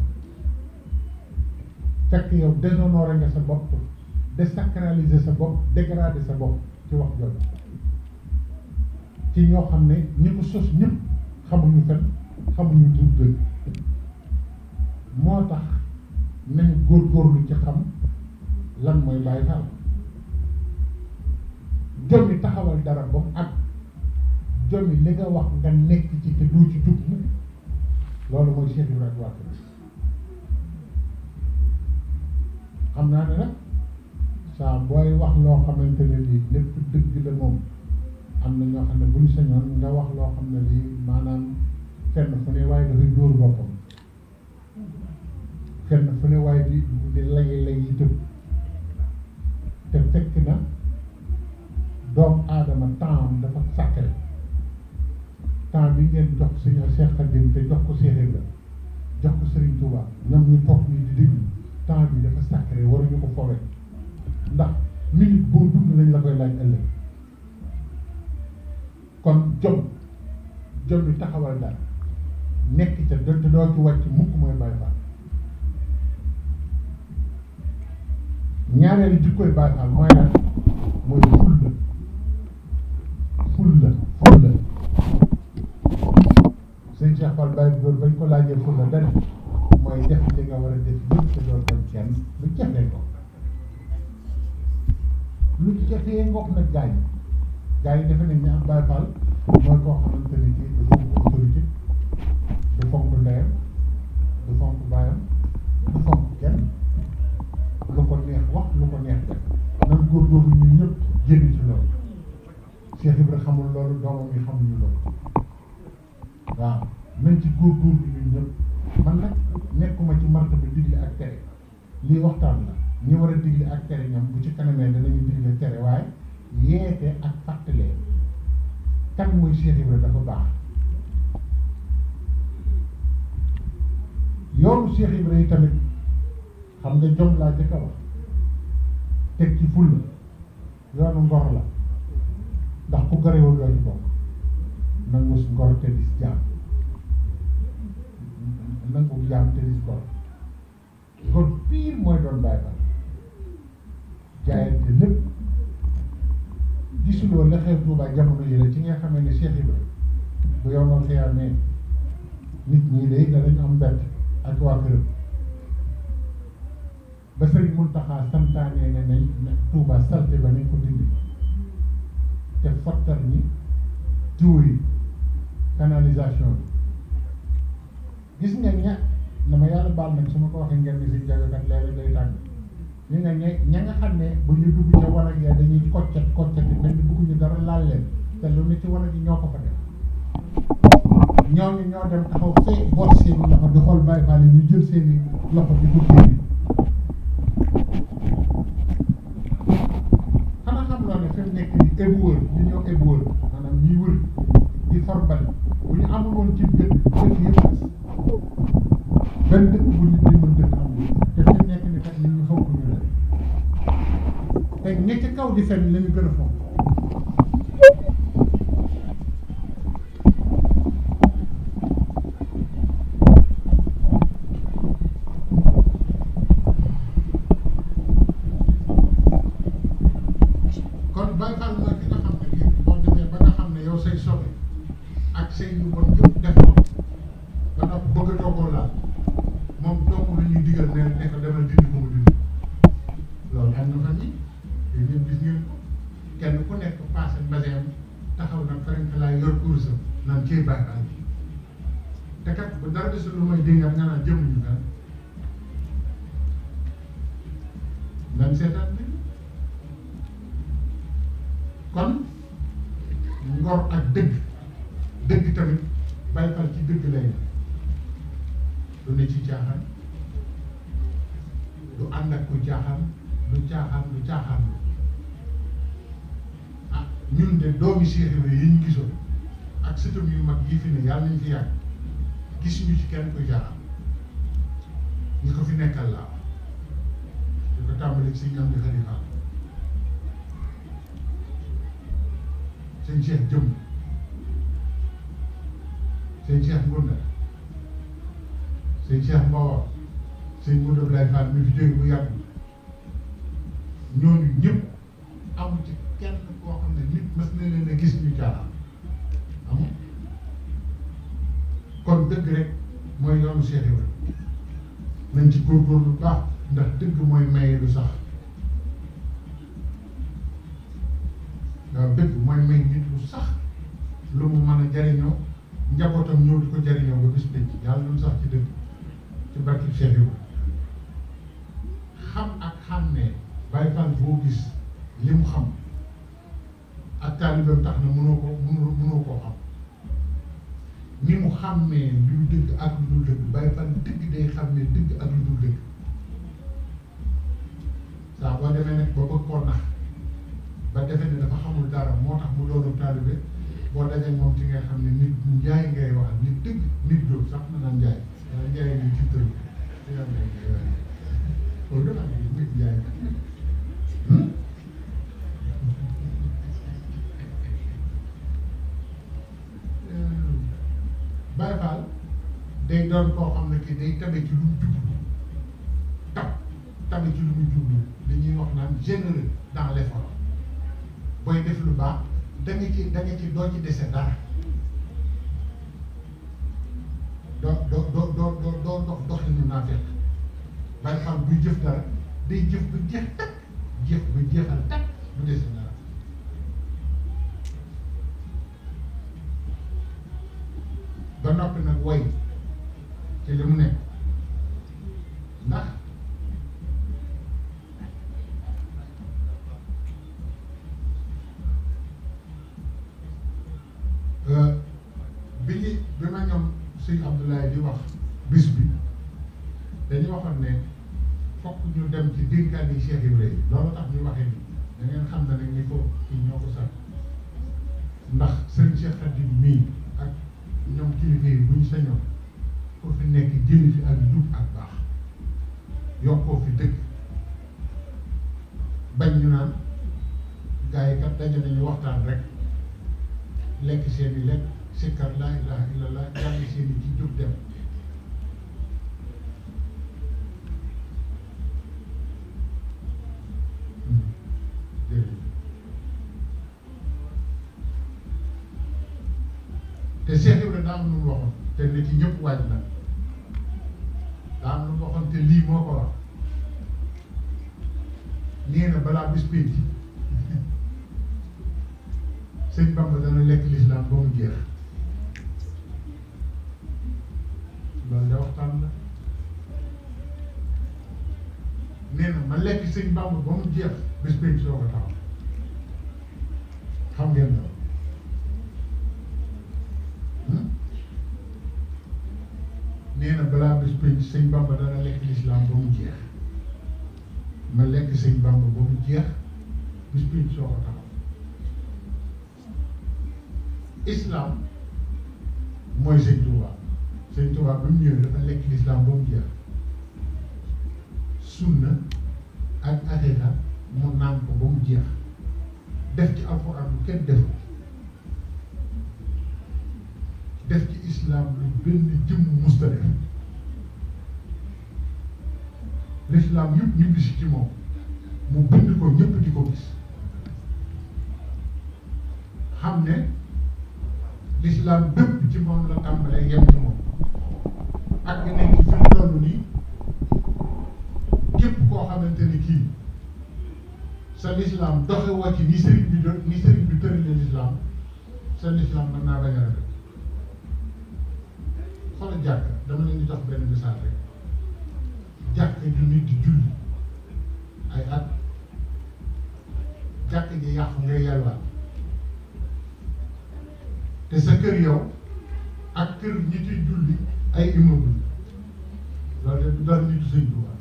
fekk yow déshonoré nga sa bopp désacraliser sa bopp dégrader sa bopp ci wax jooju ci ñoo xam ne ñi ko sos ñëpp xamuñu fen xamuñu tur dëgg moo tax nañ góorgóorlu ci xam lan mooy Baay Faal jommi taxawal dara ba ak jommi li nga wax nga nekk ci te doo ci jub mu loolu mooy Cheikh Ibrahima Wade xam naa ne nag saa booy wax loo xamante ne lii lépp dëgg la moom am na ñoo xam ne bu ñu sañoon nga wax loo xam ne lii maanaam fenn fu ne waaye dafay dóor boppam fenn fu ne waaye di di lay lay yi tëb te fekk na doomu aadama temps dafa sàkkale temps bi ngeen jox suñu Cheikh Khadim te jox ko Cheikh Ibra jox ko Serigne Touba ñoom ñu toog ñu di déglu temps bi dafa sacré waruñu ko fowe ndax minute boo dund lañ la koy laaj ëllëg kon jom jom bi taxawal la nekk ca donte doo ci wàcc mukk mooy Baay Faal ñaareelu jikkoy Baay Faal mooy lan mooy fulla fulla fulla sëñ Cheikh Fall Baye bi bañ ko laajee fulla dana mooy def li nga war a def lépp te doo tooñ kenn lu jafee ngoog lu jafee ngoog nag gars yi gars yi defe nañ ne am Baay Faal mooy koo xamante ne kii du fonk autorité du fonk ndeyam du fonk baayam du fonk kenn lu ko neex wax lu ko neex def nan góorgóorlu ñun ñëpp génn ci loolu Cheikh Ibra xamul loolu doomam yi xamuñu loolu waaw nañ ci góorgóorlu ñun ñëpp man nag nekkuma ci bi digle ak tere lii waxtaan la ñu war a digle ak tere ñoom bu ci kanamee danañu digle tere waaye yeete ak fàttalee kan mooy Cheikh Ibra dafa baax yoonu Cheikh Ibra yi tamit xam nga jom laa jëkk a wax teg ci ful yoonu ngor la ndax ku garewul loo ci bokk nangus ngor te dis jaam nangu jaam te di ko kon pire mooy doon bàyyi ba jaayante lépp gisuloo la xew Tuubaa jamono yi la ci nga xamee ne Cheikh Ibra bu yow noon xëyaat ne nit ñi day danañ mu bett ak waa këram ba Sëriñ Muntaxa santaane ne nañ Tuubaa salte ba nañ ko dindi te fottal ñi jiw yi canalisation bi gis nga ña na ma yàlla baal nag su ma ko waxee ngeen ni si jago kat léeg-léeg day tàng ñu nga ña ña nga xam ne bu ñu dugg ca war a ya dañuy koccet koccet yi mel ni bëgguñu dara laal leen te lu ne ci war a ji ñoo ko fa def ñooñu ñoo dem taxaw fee boot seen i loxo di xool Baay Faal ñu jël seen i loxo di ko génne xanaa xam loo ne fi mu nekk ni éboueur ñu ñoo éboueur maanaam ñuy wër di forbal bu ñu amul woon ci dëkk dëkk yëpp benn dëkk bu nit ñi mën dëkk amul te fi nekk ni kat kaw di fenn la ñu a fonk doomi Cheikh Ibrahima ak sëtam yu mag yi fi ne yàlla fi yàgg gisuñu ci kenn kuy jaaxal ñi ko fi nekkal laa di ko tàmbali si ñam di xarit Fall sëñ Ngunda sëñ Cheikh Mbawa Ngunda Blay mi fi jóge bu yàgg ñooñu ñëpp amul ci kenn koo xam ne nit mës na leen a gis ñu caaxaan amul kon dëgg rek mooy yoonu Cheikh nañ ci góorgóorlu lu baax ndax dëgg mooy maye lu sax waaw dëgg mooy may nit lu sax lu mu mën a jariñoo njabootam ñëw di ko jariñoo ba bis denc yàlla lu sax ci dëgg ci barki Cheikh xam ak xam ne Baye Fall boo gis li xam ak taalibeem tax na mënoo ko mënoo mënoo koo xam ni mu xàmmee luy dëgg ak lu dul dëgg Baay Faal dëgg day xàmmee dëgg ak lu dul dëgg saa boo demee ba bëgg koo nax ba defee ne dafa xamul dara moo tax mu doonul taalibe boo dajee moom ci ngay xam ne ni njaay ngay wax nit dëgg nit dul sax mën naa njaay wala njaay ni ci tëru loolu dafa am nit njaay hmm? Baye Fall day doon koo xam ne kii day tabe ci lu mu jublu tab tabe ci lu mu jublu li ñuy wax naan généreux dans l'effort booy def lu baax da ci da nga ci doo ci dese dara doo doo doo doo doo dox doxinu naa fekk Baye buy jëf dara day jëf ba jeex takk jëf jeexal bu dese dara ba noppi nag woy ci li nekk jël bis pénc Bamba dana lekk lislaam ba mu jeex loolu da na ma lekk Bamba ba mu jeex bis pénc soo ko taxaw xam ngeen loolu hmm? na balaa bis pénc Bamba dana lekk lislaam ba mu na lekk sëñ ba mu jeex bis biñ soo ko taxaw islam mooy sëñ Tuubaa sëñ Tuubaa ba mu ñëwee dafa lekk lislaam ba mu jeex sunna ak aqiqa mu naan ko ba mu jeex def ci alxuraan bu kenn defu def ci islam lu benn l'islam yëpp ñu gis ci moom mu bind ko ñëpp di ko gis xam ne l'islam bépp ci moom la tàmbalee yem ci ak nga nekk fi mu toll nii képp koo xamante ni kii sa l'islam doxe woo ci ni sëriñ bi doon ni sëriñ bi tëralee l'islam sa l'islam mën naa bañ a rafet xoolal jàkk dama leen rek. jàkk ju nit di julli ay at jàkk ji yàqu ngay yàlla te sa kër yow ak kër ñi ciy julli ay immeuble loolu de du nit sëñ Tuuba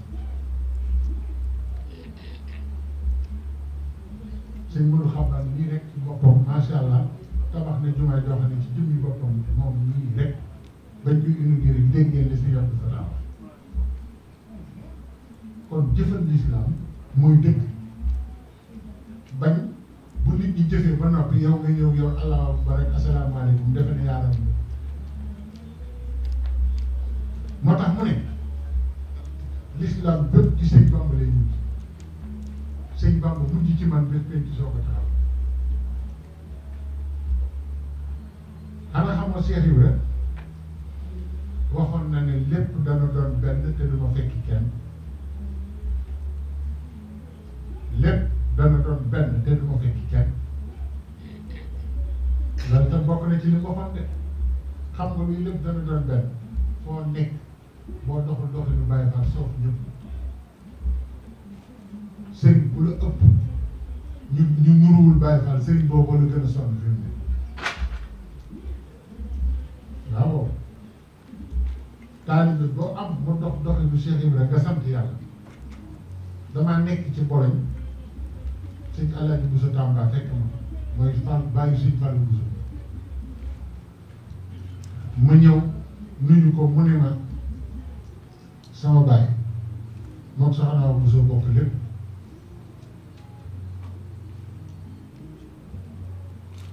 sëñ Moodu Xabaan nii rek ci boppam macha allah tabax na jumaa joo ne ci jëmmi boppam moom nii rek bañ koy inauguré dégg ngeen li si yokk sa daaw kon jëfal lislaam mooy dëgg bañ bu nit ñi jëfee ba noppi yow nga ñëw yow allah ba rek asalaamaaleykum defe ne moo tax mu ne lislaam bépp ci sëñ Bamba lay mujj sëñ Bamba mujj ci man soo ko taxaw xanaa xam nga Cheikh Ibra waxoon na ne lépp dana doon benn ma fekki kenn lépp dana doon benn te du ko fekki li ko xam de xam nga luy lépp dana doon benn foo nekk boo doxul doxul ñu bàyyi faa soof ñëpp sëriñ bu la ëpp ñu ñu muruwul bàyyi faa sëriñ boobu la gën a sonn fi mu ne waaw taalibe boo am mu dox doxi bu Cheikh Ibrahima nga sant yàlla damaa nekk ci Bologne sëñ Alaaji Bousso Tamba fekk ma mooy Fall bàyyi sëñ Fallu Bousso ma ñëw nuyu ko mu ne ma sama baay moom soxna Awa Bousso bokk lépp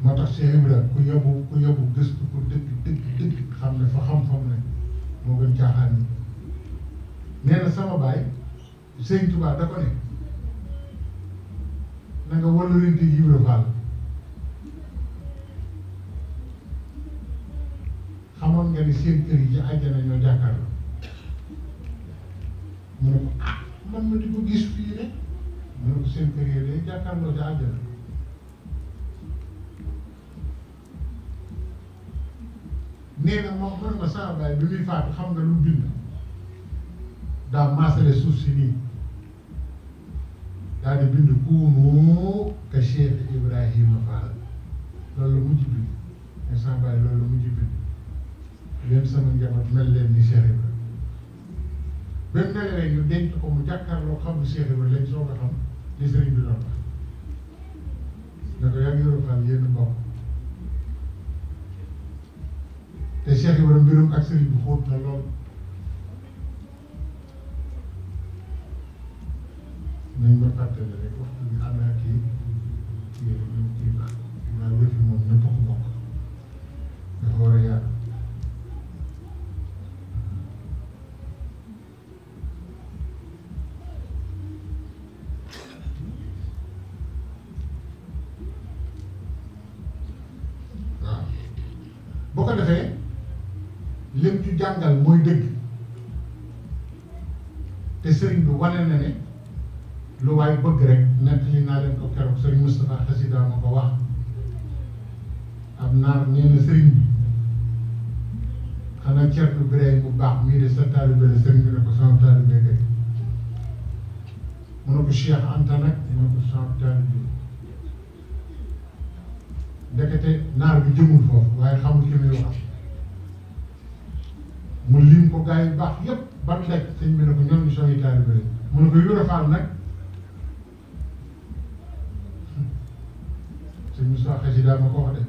moo tax Cheikh Ibrahima ku yóbbu ku yóbbu gëstu ku dëgg dëgg dëgg xam ne fa xam-xam ne moo gën caaxaan ni nee sama baay Sëñ Tuubaa ko ne na nga wóolante Ibra Fall xamoon nga ni seen kër yi àjjana ñoo jàkkaarloo mu ne ko ah, gis fii rek mu ne ko seen kër yi day na moom mën ma saa baay bi muy faatu xam nga lu bind daa daal di bind kuunu ka Cheikh Ibrahima Fall loolu la mujj bind instant bàyyi loolu la mujj bind leen sama njaboot mel leen ni Cheikh Ibrahima même mel rek ñu denc ko mu jàkkaarloo xamu Cheikh Ibrahima lañ soo ko xam li sëriñ bi doon wax ne ko yaa ngi yor Fall yéen bokk te Cheikh Ibrahima mbirum ak sëriñ bi xóot na lool. nañ ma fàttali rek waxtu bi xam naa kii kii ñoom kii la naa yëfi moom ñëpp ko bokk dafa war a yaatu waaw boo ko te sëriñ bi wane na ne lu waay bëgg rek nett li naa leen ko keroog sëriñ Moustapha Xasida ma ko wax am naar nee na sëriñ bi xanaa Thierno Biré bu baax mii de sa taalibe la sëriñ bi ne ko sama taalibe gay mu ne ko Cheikh Anta nag mu ne ko sama taalibe ndekete naar bi jëmul foofu waaye xamul ki muy wax mu lim ko gars yi baax yépp ban daj sëñ bi ne ko ñoom ñu sooy taalibe la mu ne ko yu rafet nag Moussa Xasida ma ko wax de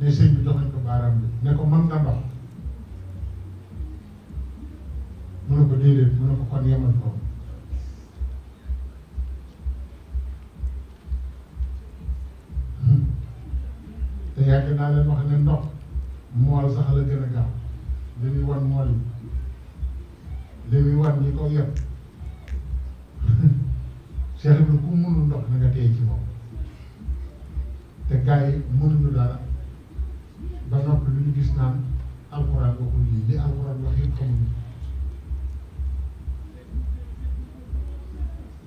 ne sëñ bi jox nañ ko baaraam bi ne ko mën nga ndox mu ko déedéet mu ne ko kon yemal ko te yàgg naa leen wax ne ndox mool sax la gën a gaaw li wan mool yi li muy wan ñi ko yëpp Cheikh bi ku mënul ndox na nga téye ci moom te gars yi mënuñu dara ba noppi lu ñu gis naan alxuraan waxul lii li alxuraan wax yëpp xamuñu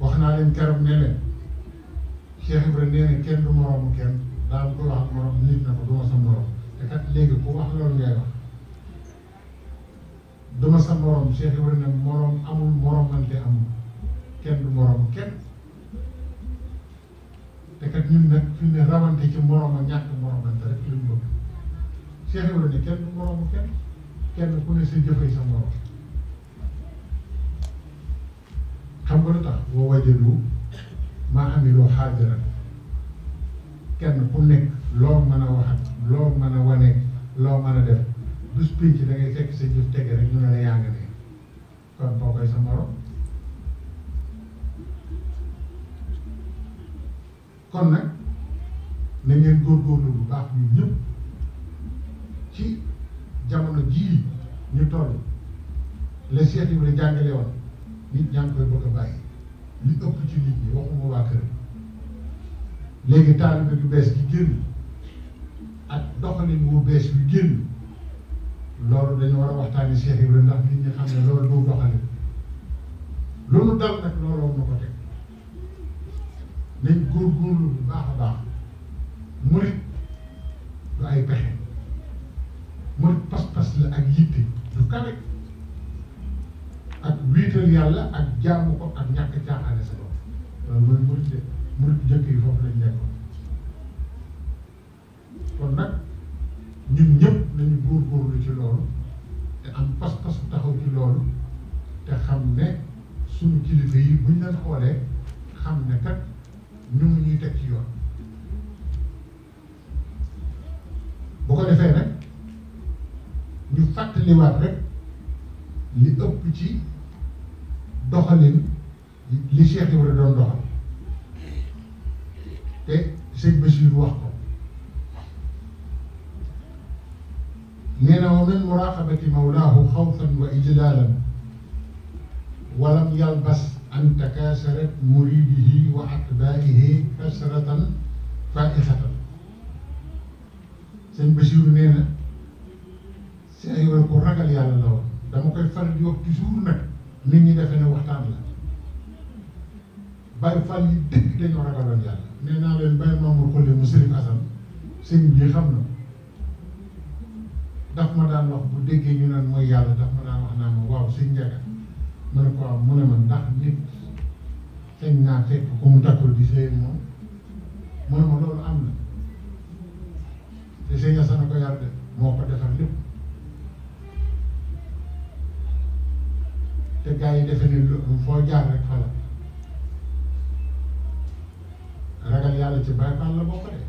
wax naa leen keroog ne leen Cheikh Ibrahima nee na kenn du moroomu kenn daal ko wax ak moroom nit na ko du ma sa moroom te kat léegi ku wax loolu ngay wax du ma sa moroom Cheikh Ibrahima ne moroom amul moroomante amul kenn du moroom kenn. te kat ñun nag fi ne rawante ci moroom ak ñàkk moromante rek lañ bëgg Cheikh Ibrahima ne kenn du moroomu kenn kenn ku ne sa sa morom xam nga lu tax boo wajadu maa amiloo xaadiran kenn ku nekk loo mën a wax ak loo mën a wane loo mën a def bés pénc da ngay fekk sa jëf ñu ne la yaa kon nag na ngeen góorgóorlu bu baax ñun ñëpp ci jamono ji ñu toll le Cheikh Ibra jàngale woon nit ñaa ngi koy bëgg a bàyyi li ëpp ci nit ñi waxuma waa kër léegi bes bu gi génn ak doxalin wu bees yu génn loolu dañu war a waxtaani Cheikh Ibra na nit ñi xam ne loolu du doxalin lu nu dal nag looloo na ko teg nañ góorgóorlu bu baax a baax murit du ay pexe murit pas-pas la ak yitte du kawe ak wiital yàlla ak jaamu ko ak ñàkk caaxaane sa bopp loolu mooy murit de murit njëkk yi foofu lañ nekkoon kon nag ñun ñëpp nañu góorgóorlu ci loolu te am pas-pasu taxaw ci loolu te xam ne suñu kilifa yi buñ leen xoolee xam ne kat ñun mu ñuy teg ci yoon bu ko defee nag ñu fàttaliwaat rek li ëpp ci doxalin li Cheikh Ibra doon doxal te sëñ Bachir wax ko nee na wa min muraqabati mawlaahu xawfan wa ijlaalan walam yalbas an takaasarat muridihi wa atbaa'ihi kasratan faa'ixatan sëñ Basiiru nee na si ay wër ku ragal yàlla la woon dama koy faral di wax toujours nag nit ñi defe ne waxtaan la Baay Faal yi dañoo ragaloon yàlla nee leen Baay Mamour Kholle mu Sëriñ Asan sëñ bi xam na daf ma daan wax bu déggee ñu naan mooy yàlla daf ma daan wax naa ma waaw sëñ Njaga ma ko waaw na ne ma ndax nit sañ naa fekk ku mu takkul di sëy moom mu ne ma loolu am na te sëñ Assane na ko yar moo ko defar lépp te gars yi defe lu foo jaar rek fa ragal yàlla ci Baay Faal la boo ko def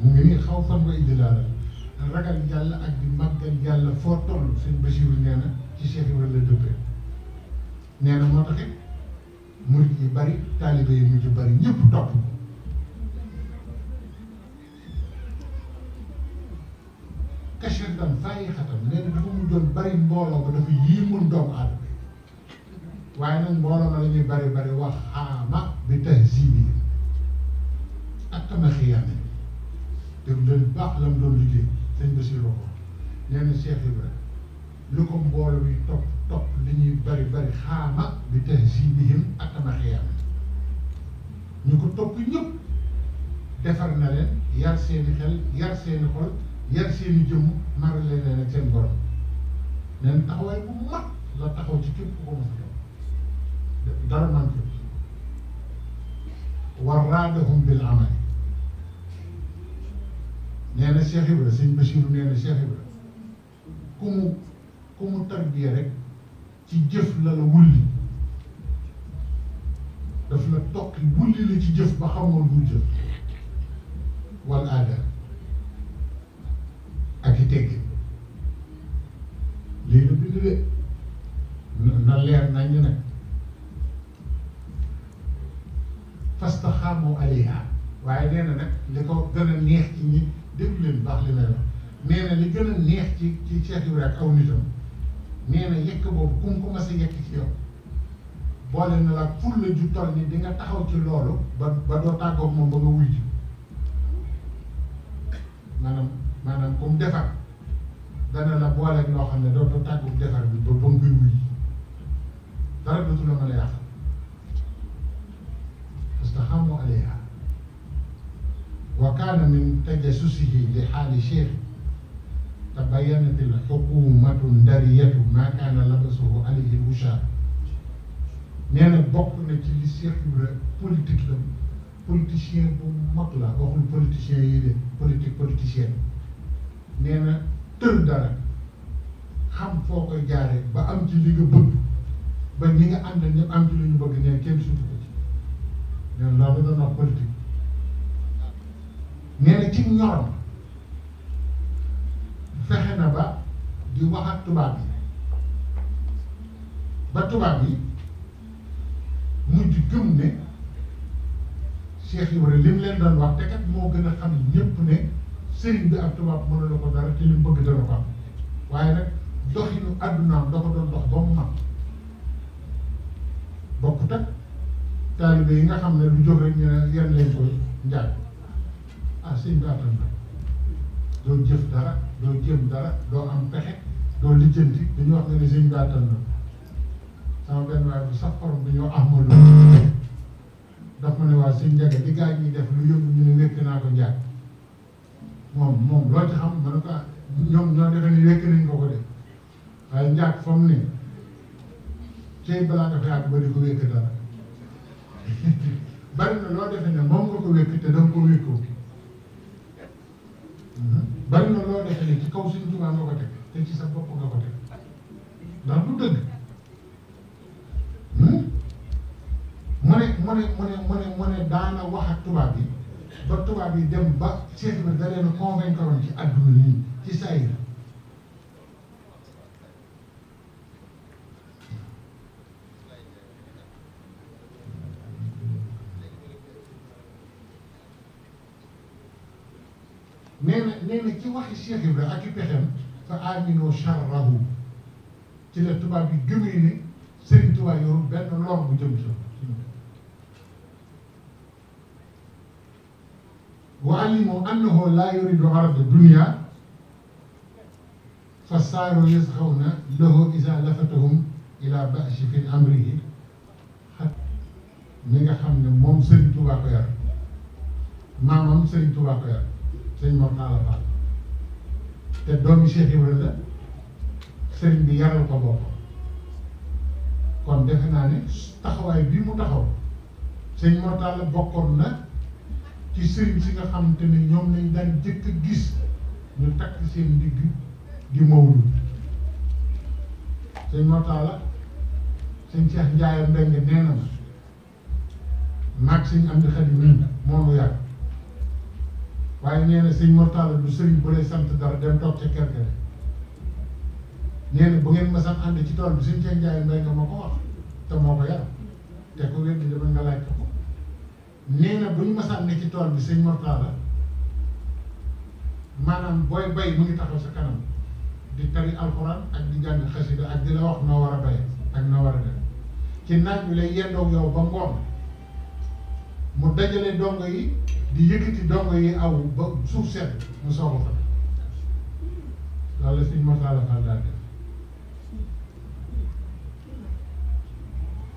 mu ngi nii xaw fan ragal yàlla ak di màggal yàlla foo toll sëñ Basiiru nee ci Cheikh Ibrahima la dëppee nee na moo taxit murit yi bari taalibe yi ñu ci bari ñëpp topp kachir tam fàyyi xatam nee na dafa mujjoon bari mbooloo ba dafa yéemoon doomu aadama waaye nag mbooloo ma la ñuy bari bari wax xaama bi tahzibi ak kama xiyaame te lu leen baax la mu doon liggéey sëñ Basiru ko nee na Cheikh Ibrahima lu ko mbooloo mi topp topp li ñuy bari bari xaama bi tahzibihim atamaxiyaam ñu ko topp ñëpp defar na leen yar seeni xel yar seeni xol yar seeni jëmm maral leen ak seen neen taxawaay bu mag la taxaw ci képp ku ko mos a dara man ko war raadahum bil amal nee na Cheikh Ibra sëñ Bachirou nee na Cheikh Ibra ku ku mu tarbiya rek ci jëf la la wulli daf la tokki wulli la ci jëf ba xamoon bu jëf wal aada ak i tegg lii la bind de na leer nañu nag fastaxaamu aleyha waaye nee na nag li ko gën a neex ci ñi déglu leen baax li may wax nee li gën a neex ci ci Cheikh Ibrahima aw nitam nee na yekk boobu ku mu commencé yekk ci yow boole na la pour la ju toll ni bi nga taxaw ci loolu ba ba doo tàggoog moom ba nga wuy ji maanaam maanaam defar dana la booleeg loo xam ne doo doo tàggoog defar bi ba ba nga wuy dara dootu la mën a yàqal parce que xamoo alayha wa kaana min tajassusihi li xaali te تبينت الحكومة الدارية ما كان لبسه عليه الوشاة nee na bokk na ci li Cheikh Ibra politique la politicien bu mag la waxul politicien yi de politique politicien nee na tër dara xam foo koy jaaree ba am ci li nga bëgg ba ñi nga ànd ñëpp am ci ñu bëgg neen kenn suutu ko ci nee loolu la doon wax ci ñorom fexe na ba di wax ak tubaab ba tubaab yi mujj gëm ne Cheikh Ibrahima li mu leen doon wax te moo gën a xam ñëpp ne sëriñ bi ak tubaab mënu la ko dara te li mu bëgg dana ko am waaye nag doxinu àddunaam da ko doon dox ba mu mag bokkut ak taalibe yi nga xam ne lu jóg rek ñu ne yan lañ koy njaay ah sëriñ bi attan na doo jëf dara. doo jéem dara doo am pexe doo lijjanti dañu wax ne ne sëñ gàttal na sama benn waay bu sax xorom dañoo ahmadu daf ma ne waa sëñ njaga di gaa ñuy def lu yëngu ñu ne wékk naa ko njaag moom moom loo ci xam ma ko ñoom ñoo defe nañ ko ko de waaye njaag fa mu balaa nga fa yàgg ko wékk dara bari na loo defe ne moom nga ko wékk te danga ko wékkoo neexee ci kaw suñu tubaab ci sa bopp nga ko teg ndax ne mu ne mu ne mu ne daana wax ak tubaab yi ba tubaab yi dem ba Cheikh bi da leen a convaincre ci àdduna nii ci saa nee na nee na ci waxi Cheikh Ibra ak i pexem fa amino charrahu ci la tubaab yi gëmee ne Sëriñ Tuubaa yorul benn lor bu jëm sa wa alimu annahu laa yuridu arada dunia fa saaru yasxawna lahu isa lafatahum ila bashi fi amrihi xat mi nga xam ne moom Serigne Touba ko yar maamam Serigne Touba ko yar sëñ Mor Talla Fall te doomi Cheikh Ibrahima la sëriñ bi yaral ko bopp kon defe naa ne taxawaay bi mu taxaw sëñ Mor Talla bokkoon na ci sëriñ si nga xam te ne ñoom lañ daan jëkk gis ñu takk seen digg di mawlu sëñ Mor Talla sëñ Cheikh Ndiaye Mbengue nee na ma maag sëñ Amdi Xadim moom mu yàgg waaye nee na sëñ Mortalla du sëriñ bu lay sant dara dem toog ca kër ga nee bu ngeen masam ànd ci tool bi suñ cee njaay mbay nga ma ko wax te moo ko yar te ko wér di dama nga laaj ko nee bu ñu masam ne ci tool bi sëñ Mortalla maanaam booy bay mu ngi taxaw sa kanam di tari alxuraan ak di jàng xasida ak di la wax noo war a bay ak noo war a def ci naaj bi lay yendoog yow ba ngoon dajale ndongo yi di yëkkati ndongo yi aw ba suuf seen mu soog fa loolu la suñu Mortalla Fall daal def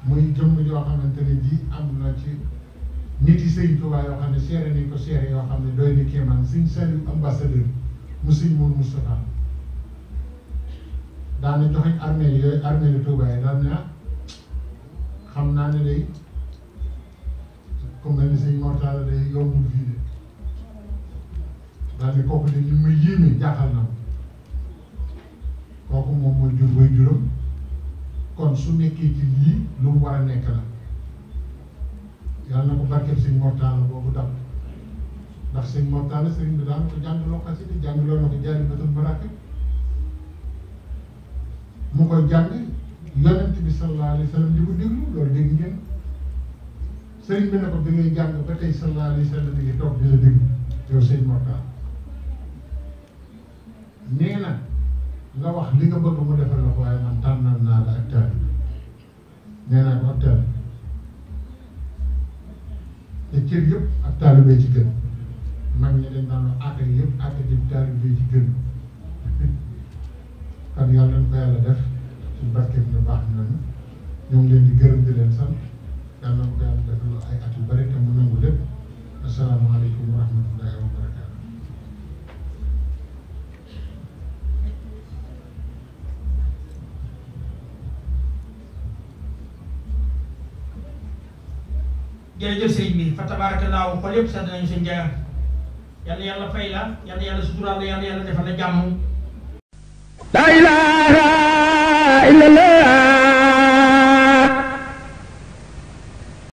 muy jëmm yoo xamante ne ji am na ci nit yi Sëriñ Tuubaa yoo xam ne seere nañ ko seere yoo xam ne doy na kéemaan suñ Saliou ambassadeur mu sëñ Mour Moustapha daan na joxe armée yooyu yu Tuubaa yi daan na xam naa ne comme mel ni sëñ Mortalla day yombul fii de daal ni kooku de li na kooku moom mooy jur way kon su nekkee ci lii lu mu nekk la yàlla na ko barkeb sëñ Mortalla boobu dab ndax sëñ Mortalla sëriñ bi daana ko jàngaloo xasida jàngaloo na ko jaari batul baraka mu koy jàng yonent bi sallallahu alayhi wa sallam di ko déglu loolu dégg ngeen sëriñ bi ne ko bi ngay jàng ba tey sallallahu alayhi wa sallam mi ngi toog di la dégg yow sëñ Mortalla nee wax li nga bëgg mu defal la ko waaye man tànnal naa la ak taal nee ko ak taal te cër yëpp ak taal bee ci gën mag ñi dañ yëpp ci taal bee ci gën kon yàlla nañ def ci barkeem baax ñooñu ñoo ngi leen di leen sant. yàlla na ko at yu bëri te mu nangu lépp asalaamaaleykum wa rahmatullahi wa barakaatu. jërëjëf sëñ bi fa tabaarakallaahu xol yëpp sant nañu sëñ Ndiaye yàlla yàlla fay la yàlla yàlla suturaal la yàlla yàlla defal ilaha illallah.